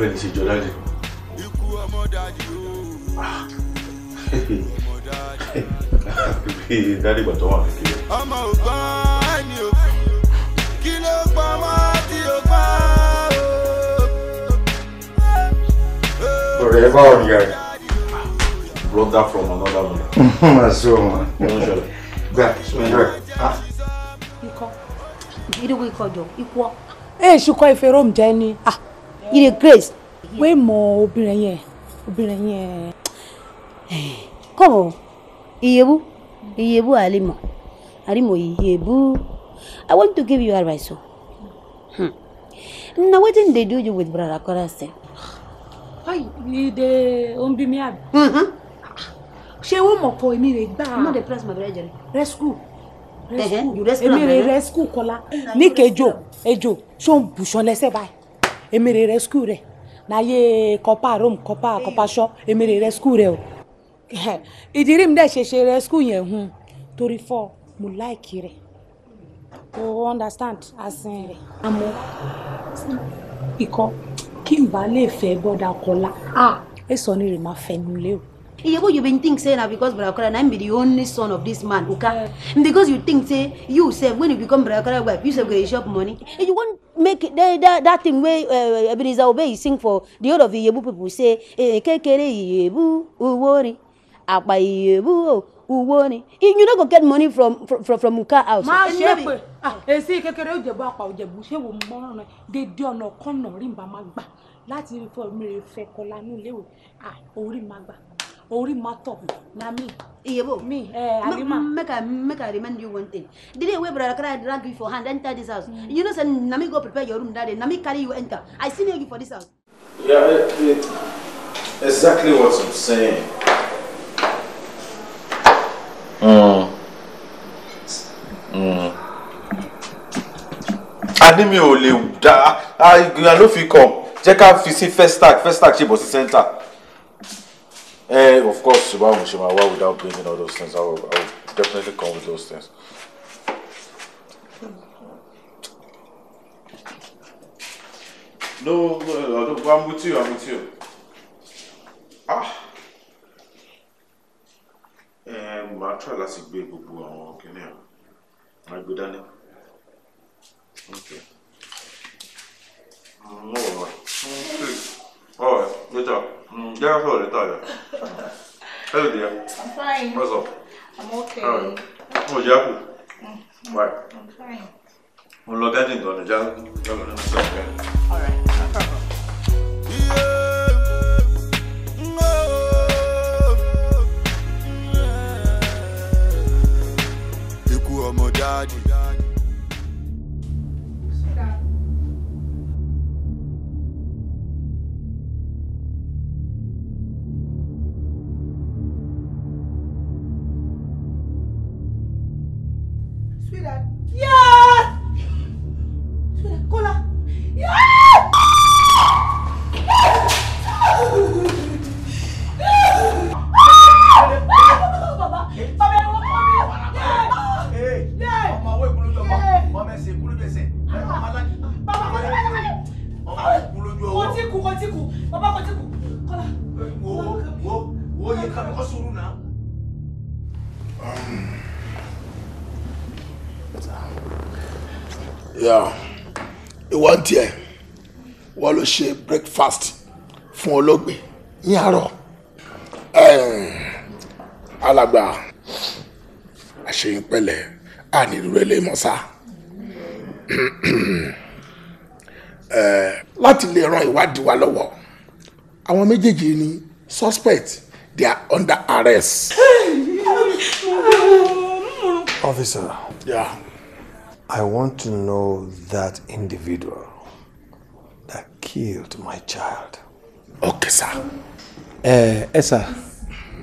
bẹ́ẹ̀ ni ṣe jọ dáadé. ikú ọmọ dáadé o. dáadé ìgbà tó wà kékeré. ọ̀rẹ́ ẹ bá ọ̀rẹ́ rẹ̀. brother from another one. ma so ma. gba sọyọ. ikọ idigbo ikọ jọ ikwọ. ee ṣùkọ́ ife rome jẹ́ ah ire grace wé mọ obìnrin yẹn obìnrin yẹn kọ́mọ iyebu iyebu alimo alimo iyebu i want to give you advice o oh. hmm. na wetin dey do you with brother kora sef Ide o ń bí mi àbí. Mm-hmm. Ṣé o mọ̀ kọ èmi rè gbà? I'm not a press my brother jẹrẹ. Rescue. Èmi rè rescue Kọ́lá. Níkẹ́ ejò ejò ṣó ń bùṣọ lẹ́sẹ̀ báyìí. Èmi rè rescue rẹ̀. N'ayé kọ́pá Rome kọ́pá kọ́pá ṣọ́ èmi rè rescue rẹ̀ o. Ìdírí mi dẹ̀ ṣe ṣe rescue yẹn hun torí fọ́ mo láìkì rẹ̀. O understand asin rẹ̀. Àmọ́ ikọ́ kí n bá lè fẹ́ bọ́dà kọ́lá ah ẹ sọ ni rè máa fẹ́ nu lé Iyebo, you been think say na because Brother Kola na be the only son of this man, okay? Eh. Because you think say you sef when you become Brother Kola wife, you sef go dey chop money. And eh, you wan make that that, that thing wey uh, Ebenezer Obey sing for the whole of Iyebu people say, "Ekekere Iyebu, Owori, Apa Iyebu o, uwo ni you no go get money from from from, from house. máa eh, ṣe é pé ah, èsì kékeré òjẹ̀bú àpà òjẹ̀bú ṣé wò mọ́ ọ̀nà dédé ọ̀nà kọ́nà rí bá máa gbà láti rí fọ́ mi rè fẹ́ kọ́lá ní iléèwé ah, orí máa gbà orí máa tọ̀ na mi. iyebo mi make i make i remind you one thing the day wey brother cry drag you for hand enter this house mm. you know say na me go prepare your room that day na me carry you enter i see you for this house. yeah exactly what i'm saying a ní mi ò lè dá ìgbìyànjú ló fi kàn jẹ́ ká fi sí first stack first stack ṣe bọ̀ sí center. Eh, of course, Subaru Shima, why without bringing all those things? I will, I will definitely come with those things. No, no, no, I'm with you, I'm with you. Ah màá try láti gbé gbogbo àwọn kìnìún ẹ̀ màá gbé dání. Okay. Mm, all right. Mm, please. All right. Later. Mm, yeah, I'm sorry. Hello, dear. I'm fine. What's up? I'm okay. All right. Oh, Jaku. Mm, mm, I'm fine. We'll log in on the Jaku. All right. No comodidade fast fún ọlọ́gbẹ́ ní àárọ̀ alàgbà àṣeyìn pẹ̀lẹ́ ànírúurẹ́lẹ́ mọ́sá láti lè ran ìwádìí wa lọ́wọ́ àwọn méjèèjì ni suspect they are under arrest. Officer. Yeah. I want to know that individual killed my child. Okay, sir. Ẹ ẹ sà,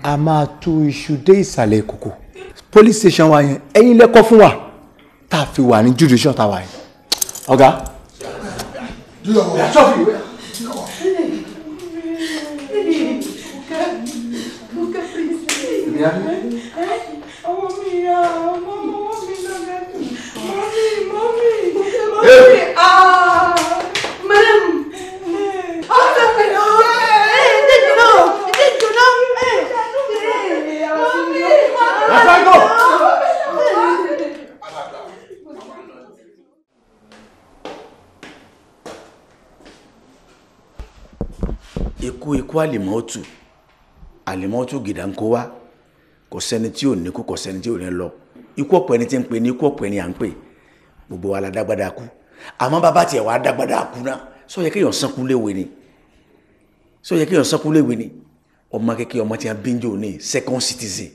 a máa tú iṣu dé ìsàlẹ̀ ìkòkò. Police station wa yẹn, ẹ̀yin lẹ́kọ́ fún wa. Tá a fi wà ní judicial ta wa yẹn. Ọ̀gá. Yeah. kó àlìmọ́tù àlìmọ́tù gìdá ń kó wá kò sẹ́ni tí ò ní kú kò sẹ́ni tí ò ní lọ ikú ọ̀pọ̀ ẹni tí ń pè ní ikú ọ̀pọ̀ ẹni à ń pè gbogbo wa la dágbádá kú àmọ́ bàbá tiẹ̀ wá dágbádá kú náà sọ yẹ kéèyàn sàn kú léwe ni sọ yẹ kéèyàn sàn kú léwe ni ọmọ kékeré ọmọ tí wọn bí ń jò ní second citizen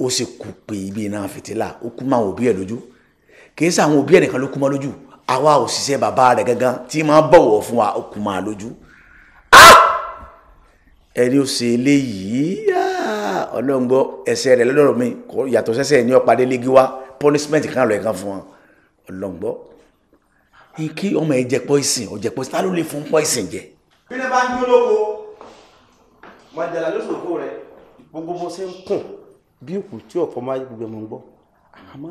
ó sì kú pé ibi iná fìtílà ó kú máa òbí ẹ lójú kì í sẹ àwọn òbí ẹ nìkan ló kú máa lójú àwa òṣìṣẹ́ bàbá rẹ̀ gangan tí máa bọ̀wọ̀ fún wa ó kú máa lójú ẹni ó ṣe eléyìí ọlọ́run gbọ́ ẹsẹ̀ rẹ̀ lọ́dọ̀ mi yàtọ̀ sẹ́sẹ̀ ní ọ̀padé léegi wá punishment kan lọ ẹ̀kan fún wọn ọlọ́run gbọ́ kí ọmọ ẹ jẹ poison ọjẹ poison ta ló lè fún poison jẹ. bí lè bá ń dúró lóko mọ̀jàlá ló sòkò rẹ̀ gbogbo bó ṣe ń kùn bí òkú tí ọ̀pọ̀ máa gbogbo ẹ̀mọ̀ ń gbọ́ àmọ́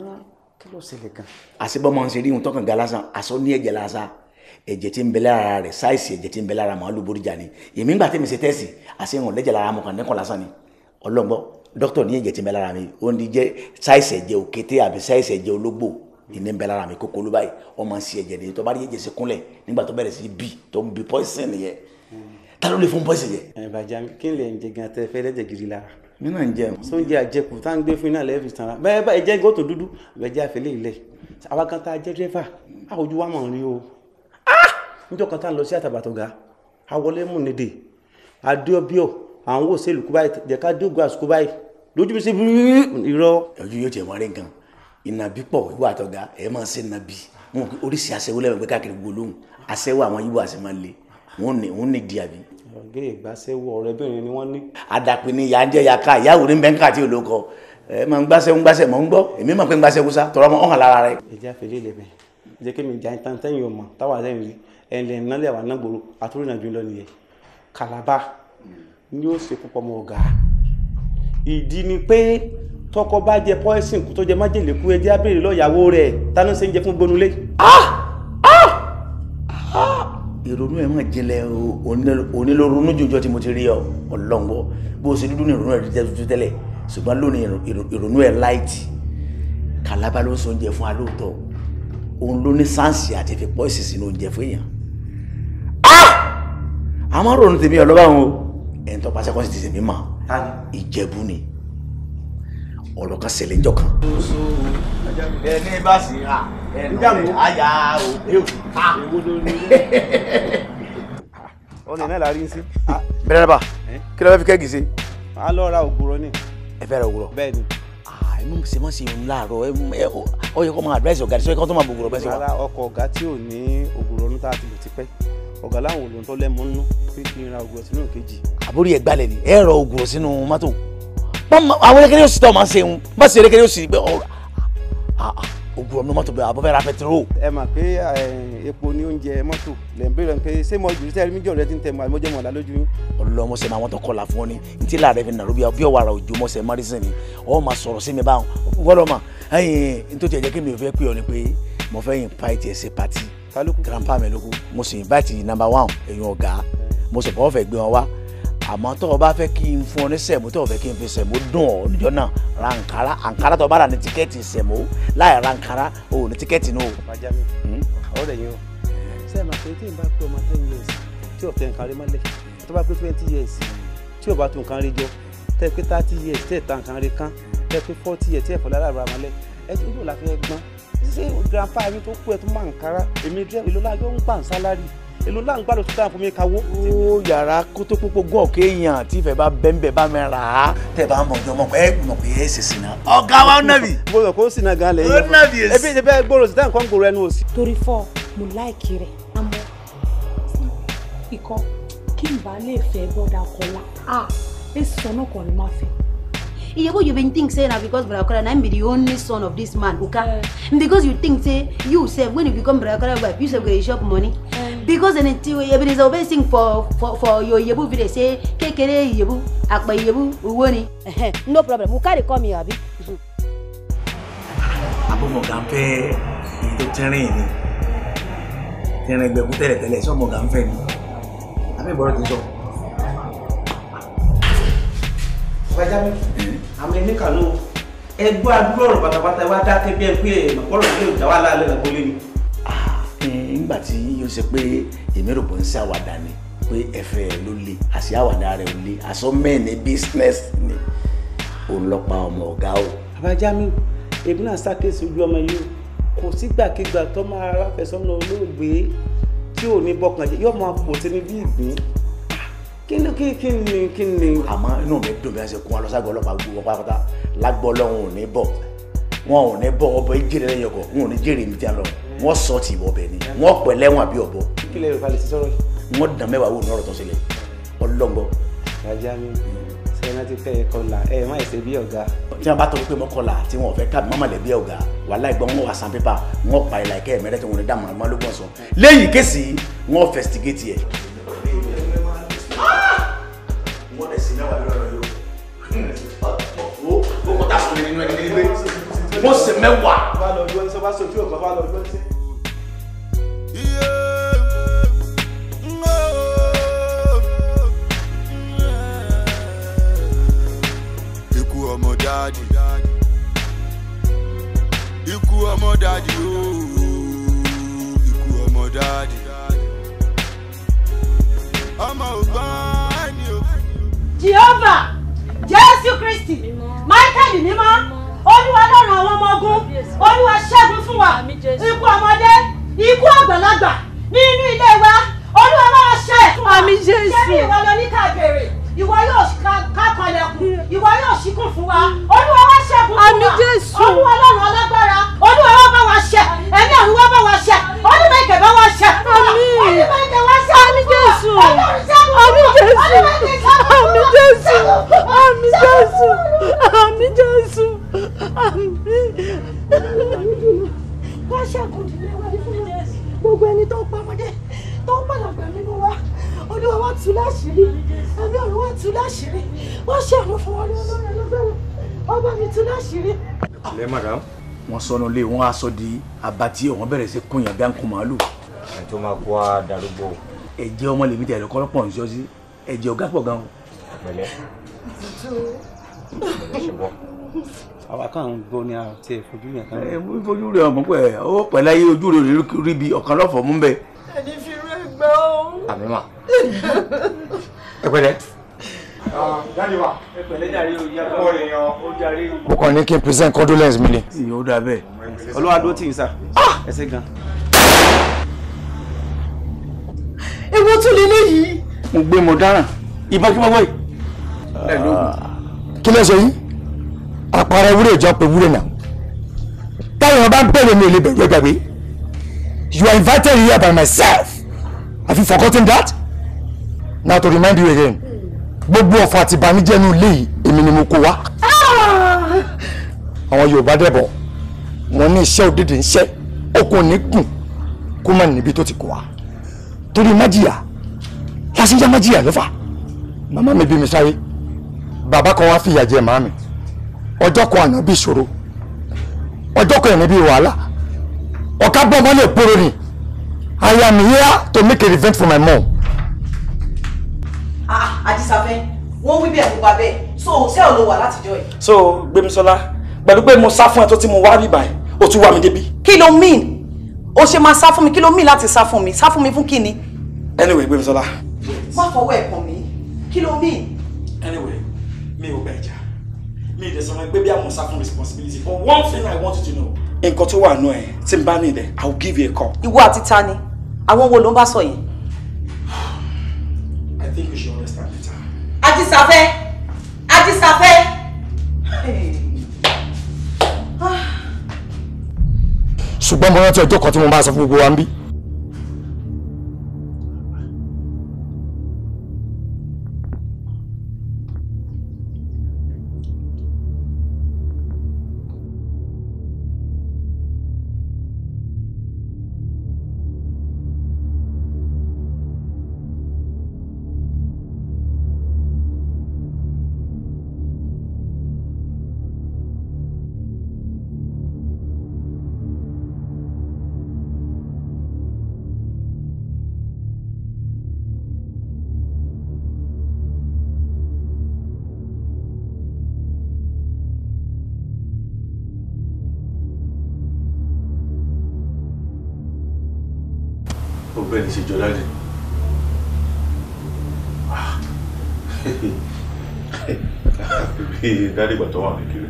kí ló ṣẹlẹ̀ gan. àṣebọ́mọ ń ṣe rí ohun tọkàn ga lásán àṣọ ní ẹ̀jẹ̀ lásán ẹ̀jẹ̀ tí ń bẹ lára rẹ̀ sáìsì ẹ̀jẹ̀ tí ń bẹ lára màálù bóríjà ni èmi ń gbà tẹ́mi ṣe tẹ́sì àṣehàn lẹ́jẹ̀ lára mọ̀ kàn nẹ́kàn lásán ni ọlọ́gbọ́n dókítà ní ẹ̀jẹ̀ tí ń bẹ lára mi ó ní jẹ́ sáìsì ẹ̀jẹ̀ òkété àbí sáìsì ẹ̀jẹ̀ ológbò ìní ń bẹ lára mi kókó ló báyìí ọmọ sí ẹ̀jẹ̀ nìyẹn tó bá rí ẹ̀jẹ̀ sí kúnlẹ̀ nígbà tó bẹ̀rẹ̀ sí bí tó ń bí pọ́ìsìn nìyẹn ta ló lè fún pọ́ìsìn yẹn. ẹ bàjá mi kí n lè jẹ gan tẹ fẹ lẹjẹ gidi lára. mi náà ń jẹ. sóúnjẹ àjẹkù tá à ń gbé fún iná lẹ́ẹ̀fì a jẹ́ dẹ́fà àwùjọ wa o níjọ́ kan tá ń lọ sí àtàbàtọ̀gá awọlé múnidè adéọbíọ̀ àwọn wò sẹ́lù kúbáyì jẹ́ká dógò àsìkò báyìí lójú mi sí irọ́. ojú yóò tiẹ̀ wọ́n rí gan ìnàbí pọ̀ ìwà àtọ̀gá ẹ̀ máa ṣe nàbí wọn oríṣi aṣẹ́wó lẹ́wọ̀n pé káàkiri gbogbo lóhùn aṣẹ́wó àwọn yíwọ́ àṣẹ máa le wọ́n ní di àbí ọ̀gẹ́ ìgbàsẹ́wò ọ̀rẹ́bìnrin ni wọ́n ní. àdàpè ni ìyá ń jẹ́ ya ká ìyáwó ní bẹ́ńkà tí olóko ẹ máa ń gbàsẹ́ ń gbàsẹ́ mọ̀ ń gbọ́ èmi máa ń pẹ́ ń gbàsẹ́ kúsá tọrọ ọmọ ọ̀hàn lára rẹ. ìjà fèlè lè bẹ̀ jẹ́ kí mi jà ń tẹ́yìn o táwa lẹ́yìn rí ẹnlẹ ńlẹ àwọn anágboro àtúrò ìrìnàjò lọ nìyẹn kalaba ni ó ṣe púpọ̀ mọ́ ọ̀gá ìdí ni pé tọkọ bá jẹ pọ́ìsìn kú tó jẹ májèlé kú ẹjẹ́ abèrè lọ́yàwó rẹ̀ tánú ṣe ń jẹ fún gbónulé. Ah! Ah! ìrònú ẹ̀ máa jinlẹ̀ onílòrònú jòjọ́ tí mo ti rí ọ ọlọ́ngbọ́ bó o ṣe dúdú ní ìrònú ẹ̀ jẹ́ tẹ́lẹ̀ ṣùgbọ́n lónìí ìrònú ẹ̀ láìtì kalaba ló ń sọ oúnjẹ fún alóòótọ́ òun ló ní sáǹsì àti ìfipọ́ ìsìsì oúnjẹ fún èèyàn àmọ́ ronú tèmi ọlọ́ba wọn o ẹni tó pàṣẹ kan sì ti tèmi mọ̀ ìjẹ̀bú ni ọ̀rọ̀ kan ṣẹlẹ̀ kan. ẹni bá sì ra ẹnu àyà òde òkúta èwo ló ní. ọ̀nà náà la rí sí. bẹ́ẹ̀ bá kí ló fẹ́ fi kẹ́gì sí. a lọ ra ògùrọ̀ ni. ẹ fẹ́ ra ògùrọ̀. bẹ́ẹ̀ ni ah, ẹnu ṣe mọ ṣe ń láàárọ̀ ọ yẹ kó máa advice ọ̀gá tí sọ yẹ kó tó máa bọ ògùrọ̀ bẹ́ẹ̀ sọ ọkọ̀ ọ̀gá tí ò ní ògùrọ̀ ní tá a ti lò ti pẹ́ ọ̀gá láwọn òòlù tó lẹ́mú nínú pé kí n ra ògùrọ̀ sínú kejì. àbúrò yẹn gbalẹ̀ ni ẹ rọ ògùrọ̀ sínú mọ́tò àwọn erékeré òsì tó máa ń ṣe ń bá ṣe erékeré òsì pé ah, ah, ògùrọ̀ ní mọ́tò bẹ́ẹ̀ àbọ̀fẹ́ ra pẹtiró. ẹ mà pé epo ní oúnjẹ mọ́tò lè ń béèrè pé ṣé mo jù sẹ́ẹ̀rì míjọ́ rẹ ti ń tẹ̀ mọ́ àìmọ́jọ́ mọ̀lá lójú ọlọmọsẹ máa wọn tó kọlà fún ọ ni ntí láàrẹ fi nàró bí ọwọ ara òjò mọsẹ márìsìn ni ọ máa sọ̀rọ̀ sí mi báwọn gbọ́dọ̀ mà ẹyìn ntòtí ẹjẹ kí mi ò fẹ́ pè ọ ni pé mo fẹ́ yìn pa ẹtì ẹsẹ pati grandpa mi lóko mo sì invite number one èèyàn ọ̀gá mo sì bọ́ fẹ́ gbé wọn wá àmọ́ tó o bá fẹ́ kí n fún ọ ní sẹ̀mó tó o fẹ́ kí n fi sẹ̀mó dùn ọ níjọ́ náà ra nkàrà ànkàrà tó o bá rà ní tíkẹ́ẹ̀tì sẹ̀mó láì ra nkàrà o ní tíkẹ́ẹ̀tì náà. bàjá mi ọ̀rọ̀ rẹ̀ o ṣé ẹ̀ máa pè tí n bá pé ọmọ ten years tí o tẹ nǹkan rí mọ́lẹ̀ tó bá pé twenty years tí o bá tó nǹkan rí jọ tẹ́ pé thirty years tẹ́ ta nǹkan rí kán tẹ́ pé forty years tẹ́ fọlá lára mọ́lẹ̀ ẹ ṣé grandpa yín tó kú ẹ tó máa ń kára èmi dẹ́rù èlò láàjọ ń gbà ń sálárì èlò láà ń gbà lóṣù táwọn fún mi kawó. ó yàrá kó tó pópó gún ọ̀kẹ́ èèyàn tí ìfẹ́ bá bẹ́ńbẹ́ bá mi rà á. tẹ bá ń mọ̀ ọjọ́ mọ̀ pé mọ̀ pé ẹ ṣe sìnà. ọ̀gá wa ń nàbì. mo rò kó ń sìnà gan lẹ́yìn. ó nàbì ẹ̀ ebi ìjẹbẹ gbòòrò sí táǹkọ́ ń gbòòrò ẹnu òsì. torí fọ mo láìkí rẹ àmọ́ ikọ kí n bá lè fẹ́ bọdà kọlá a ah, èsì sọ náà kọ ni má fẹ́ iyebu you been think say na because brother kola na him be the only son of this man uka yeah. because you think say you sef when you become brother wife you sef go dey chop money yeah. because ebenezer obey sing for for for your yebu, village say kekere yebu, akpa yebu, uwo ni. no problem uka dey call me abi. abomọ̀gá ń fẹ́ èyí tó tẹ́rìn ni tẹ́rìn gbẹ̀kú tẹ́lẹ̀tẹ́lẹ̀ sọ́mọ̀gá ń fẹ́ ni abẹ́bọ̀rọ̀ ti sọ. ọ̀gá jábọ̀ àmọ́ ẹni kànú ẹgbẹ́ àdúrà ọ̀rọ̀ pátápátá wá dákẹ́ bí ẹni pé ọ̀rọ̀ ilé ìjà wà láàlẹ́ ẹ̀kọ́ lé mi. Ah, nígbà tí yóò ṣe pé èmi rò pé ń ṣe àwàdà ni pé ẹ̀fẹ̀ ló le àṣì àwàdà rẹ̀ ò le àṣọ mẹ́ẹ̀ni business ni òun lọ pa ọmọ ọ̀gá o. àbájá mi èmi náà ṣàkíyèsí ojú ọmọ yìí kò sígbàkigbà tó máa ráfẹsọ́nà olóògbé tí ò ní bọkànjẹ́ yóò máa pò sí ní bí ìgbín Kini kini kini. kí ni kí ni. àmọ́ inú mi dùn bí wọ́n ṣe kún wa lọ ságbó ọlọ́pàá gbogbo pátápátá lágbó ọlọ́run ò ní bọ̀ wọn ò ní bọ̀ ọbẹ̀ jèrè lẹ́yìn ọkọ̀ wọn ò ní jèrè mi tí a lọ wọn sọ ti ìwọ ọbẹ̀ ni wọn pẹ̀ lẹ́wọ̀n àbí ọ̀bọ. kílẹ̀ yorùbá lè ti sọ̀rọ̀ yìí. wọ́n dàn mẹ́wàá wò ní ọ̀rọ̀ tó ń ṣẹlẹ̀ ọlọ́ngbọ́. ajá mi sẹ́yìn láti fẹ́ kọlà ẹ má ṣe bí ọ̀gá. tí wọn bá tọ́ pé mo kọlà tí ẹ̀sìn mẹ́wàá lórí ọ̀rọ̀ yìí o ó kọ́ tá a sọ̀rọ̀ nínú ẹni nígbẹ́ mo sì mẹ́wàá. bá lọ dúró ṣe bá sojú ọ̀gá ọmọ dáàdì ooo ikú ọmọ dáàdì ọmọ ògbọ́n jehova jésù kristi michael mímọ́ olúwa lọ́rùn àwọn ọmọ ogun olúwa ṣẹ́gun fún wa ikú ọmọdé ikú àgbàlagbà nínú ilé wa olúwa máa ṣe é fún wa ṣé bí ìwọ lọ ní ká bèrè ìwọ yóò kákanlẹ̀kùn ìwọ yóò ṣíkùn fún wa olúwa wá ṣẹ́gun fún wa olúwa ọlọ́run ọlọ́gbára olúwa wá bá wa ṣẹ ẹ̀mí ọ̀run wá bá wa ṣẹ olúwa ìkẹ́ bá wa ṣẹ olúwa ìkẹ́ wá ṣẹ fún wa ọlọ́run ṣẹ́gun fún wa olúwa ìkẹ́ àmín jésù àmín jésù àmín jésù àmín. wọ́n ṣẹ́gun ìdílé wa ní fún mi gbogbo ẹni tó pa ọmọdé tó ń pàdánù ẹ̀mí ọwọ́ tú láṣìírí ẹ̀mí ọ̀rọ̀ wọ́n tú láṣìírí wọ́n ṣàánú fún wọn ní ọlọ́run ẹlọ́gbẹ̀rún ọba mi tú láṣìírí. ilé madam. wọn sọnù lé wọn aṣọ di abati ọwọn bẹ̀rẹ̀ sí kúnyàn bí ankun màálù. ẹ tó máa kó a darúgbó. ẹ̀jẹ̀ ọmọ lèmi tẹ ẹlẹkọrọ pọ nsọ sí ẹ̀jẹ̀ ọgá pọ gan o. pẹ̀lẹ́. àwa kan ń gbọ́ ní ara tí ẹ fojú yẹn kan. ẹ fojú rẹ ọmọ pẹ ó pẹ̀lẹ́ ayé ojú rẹ rí bí ọ̀kan lọ́fọ̀ọ́ mú bẹ́ẹ̀. ẹni fi gbọ́. àmì mà ẹ pẹ̀lẹ́. jáde wa ẹ pẹ̀lẹ́ jàre o yàtọ̀ ọmọ rẹ yan o jàre. mo kàn ní kí n present condolence mi ni. ìyẹn ó dà bẹ́ẹ̀ olúwa dó tì í sá ẹsẹ̀ gan. ewu tún lè léyìí. mo gbé mo dáràn ìbọn kí mo wọ yìí. Ah. kí ló ṣe yìí àpárá ewúrẹ́ ìjọ pé ewúrẹ́ náà táwọn bá ń bẹ̀rẹ̀ mi ò lè bẹ̀rù ẹgbàgbé you are invited here by myself. Have you forgotten that? Now to remind you again. Gbogbo ọ̀fọ̀ àti ìbànújẹ́ inú ilé yìí èmi ni mo kó wá. Ah! Àwọn Yorùbá dẹ̀bọ̀ wọ́n ní iṣẹ́ òdìdí iṣẹ́ okùn ní gùn kó má níbi tó ti kó wá. Torí májìyà lásìjà májìyà ló fà. Màmá mi bí mi sáré bàbá kan wá fìyà jẹ màmí ọjọ́ kan àná bí ìṣòro ọjọ́ kan ẹ̀mí bí wàhálà ọ̀ká bọ́ ọmọ lè poro ni. I am here to make a revenge for my mom. Ah, Ajisafe, wọ́n wí bẹ́ẹ̀ mo wá bẹ́ẹ̀. So, hotel ló wà látijọ́ yìí. So, Gbémisọ́lá, pẹ̀lú pé mo sá fún ẹ tó ti mo wá rí báyìí, o tún wá mi débi. Kí ló mean? O ṣe máa sá fún mi, kí ló mean láti sá fún mi? Sá fún mi fún kí Anyway, Gbémisọ́lá. Má fọwọ́ ẹ̀ kàn mí. Kí ló Anyway, mi ò bẹ̀ jà. Mi ì dẹ̀ sọ̀rọ̀ pé bí àwọn sá fún responsibility. For one thing I want you to know. Nǹkan tó wà nù ẹ̀ tí n bá nílẹ̀, I will give you a call. Ìwọ àti ta ni? àwọn wo ló ń bá sọ yìí. I think you should understand better. Ajísafẹ́ Ajísafẹ́. ṣùgbọ́n mo rántí ọjọ́ kan tí mo bá sọ fún gbogbo wa ń bí. ṣe jọ dáadé dáadé ìgbà tó wà ní kiri.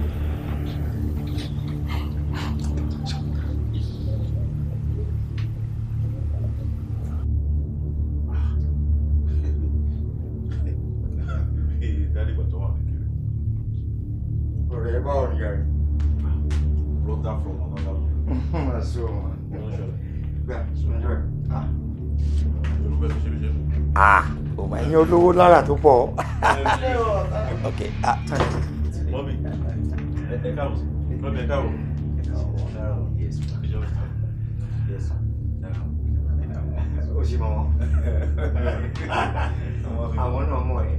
ẹ̀yin olówó lára tó pọ̀. Okay. ah thank you. mọ́mí ẹ káwọ́ mọ́mí ẹ káwọ́. ó ṣe mọ́ wọn. àwọn náà mọ̀ ẹ́.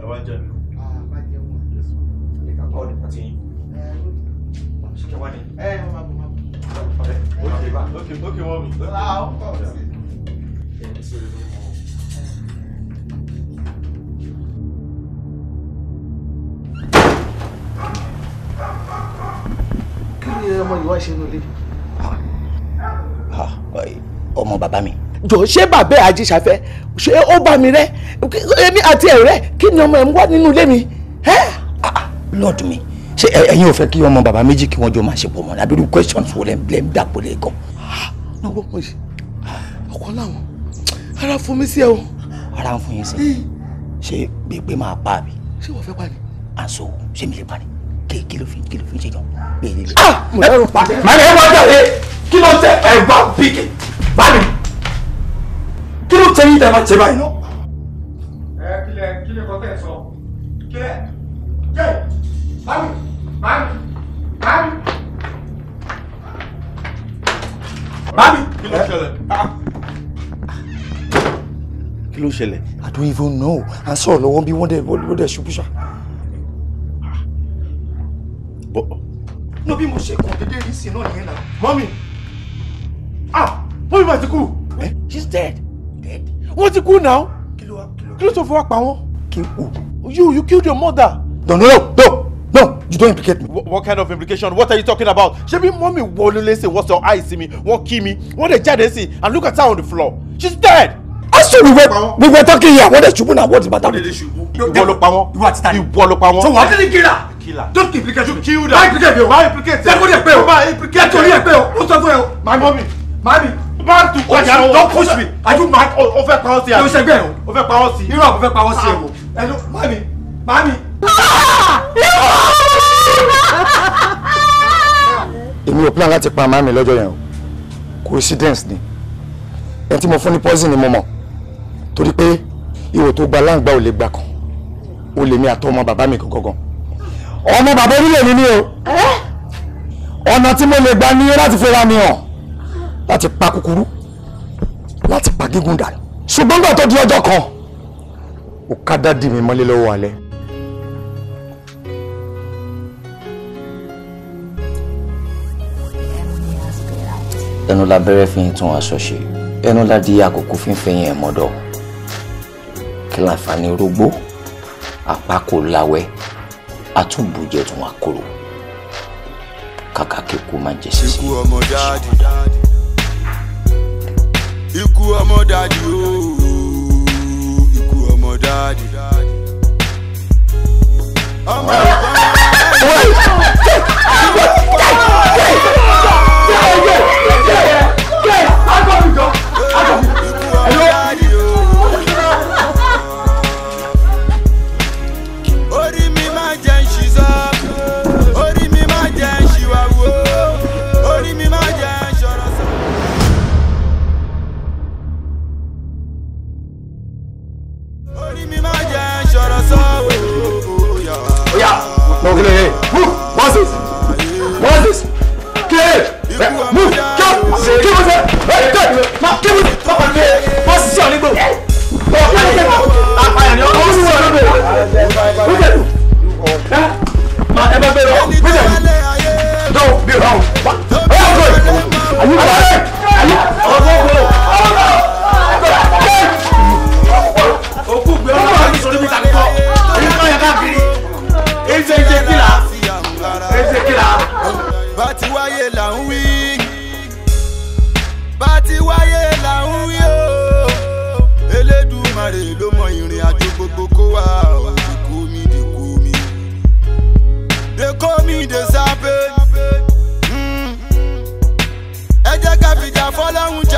ẹ wá jẹ́ mi. Olha, assim. Acho que Okay, okay, okay, É, é uma bomba. Ok, ok, ok, homem. Ah, Lá, ó. É, isso aí. ọmọ yìí wá ṣe nílé. ọmọ bàbá mi. jọ ṣé bàbá àjíṣàfẹ́ ṣé ó bá mi rẹ èmi àti ẹ̀rẹ́ kí ni ọmọ ẹ̀ ń wá nínú ilé mi. lord mi ṣé ẹ̀yin ò fẹ́ kí ọmọ bàbá méjì kí wọ́n jọ máa ṣe pọ̀ mọ́ lábẹ́rú questions wo lẹ́ ń dàpọ̀ lẹ́ẹ̀kan. ọwọ́ mo ṣe ọkọ láwọn ara fún mi sí ẹ o. ara ń fún yín sí ṣé gbégbé máa pa mi. ṣé wọ́n fẹ́ pa ni. àṣọ ṣé mi lè pa ni kí ló fi kí ló fi ṣe jọ gbèrè lè. mo lẹ́rù pa màmí ẹ wá jáde kí ló tẹ ẹ̀gbá bíkì báyìí kí ló tẹ yín tẹ máa ṣe báyìí náà. ẹ kílẹ̀ kílẹ̀ kọ́tẹ́ sọ kílẹ̀ jẹ́ báyìí báyìí báyìí. Mami! Kí ló ṣẹlẹ̀? Ah! Ah! Kí ló ṣẹlẹ̀? I don't even know. À ń sọ̀rọ̀ lọ́wọ́ bí wọ́n dẹ̀ ṣubú ṣá bọ. inú bí mo ṣe kàn dédé rí sí náà nìyẹn náà. mọ́mì ah mọ́mì máa ti kú. Eh, she's dead. dead. wọ́n ti kú náà. kí ló wá kí ló tó fi pa wọ́n. kí o. you you killed your mother. no no no no no you don't implicate me. W what kind of implication what are you talking about. ṣebí mọ́mì wọlé lẹ́sẹ̀ wọ́n sọ àìsí mi wọ́n kí mi wọ́n dẹ̀ jáde sí and look at her on the floor she's dead. Aṣọ ah, we were we were talking here. Wọ́n dẹ̀ ṣubú náà wọ́n ti bàtà. Wọ́n dẹ̀ ṣubú. Ìwọ ló pa wọ́n. Ìwọ àti tani. Ìwọ ló pa wọ́n. Sọ wàá tẹ́lẹ̀ kíra kill her. don't implicate you kill her. máa implicate o máa implicate you jẹ́kọ̀ọ́ yẹ pé o máa implicate o. jẹ́kọ̀ọ́ yẹ pé o ó sọ fún ẹ o. mami mami. máa tún kọjá o don't push me. are you mad. o fẹ́ pa ọ́ sí ẹ. o ṣe bẹ́ẹ̀ o. o fẹ́ pa ọ́ sí. irú àbúfẹ́ pa ọ́ sí ẹ o. ẹnu mami mami. èmi ò plan láti pa màmí lọ́jọ́ yẹn o coincidence ni ẹ tí mo fún ní poison ni mo mọ̀ torí pé ihò tó gba láǹgbá ò lè gbà kan ó lè mi àtọ́ ọmọ bàbá mi gangan ọmọ bàbá onílẹ̀ mi ni o ọ̀nà tí mo lè gba ni láti fẹ́ra mi hàn láti pa kúkúrú láti pa gígùn dànù ṣùgbọ́n nígbà tó di ọjọ́ kan ó ká dádì mi mọ́lé lọ́wọ́ alẹ́. ẹnu la bẹ̀rẹ̀ fi ń tún aṣọ ṣe ẹnu la di àkókò fífẹ̀yìn ẹ̀ mọ́dọ̀ kí láǹfààní rógbó àpá kò láwẹ́ àtúbùjẹ tún wà kóró kàkà kíkú má jẹ sísè. ikú ọmọ dáàdì ikú Move. kílẹ̀ it. move what's this what's this kílẹ̀ yẹn move kílẹ̀ kí mo ṣe ẹ tẹ kí mo ṣe pápá mi bọ́ sí ọ̀nìgbò bọ́ pàdé tẹ apàyàn ni ọkọ̀ sí ọ̀nìgbò ó jẹ tù ẹ ma ẹ bá bẹ lọ ó jẹ tù no be wrong ọ yà gbọ́ àyè wà á àyè ọ̀gbọ́n gbọ́ ọ̀gbọ́n gbọ́ òkú gbé ọ̀gbọ́n sọ̀rọ̀ mi tàbí kọ́. everything dey happen. ẹ jẹ́ ká fìjà fọ́lọ́hún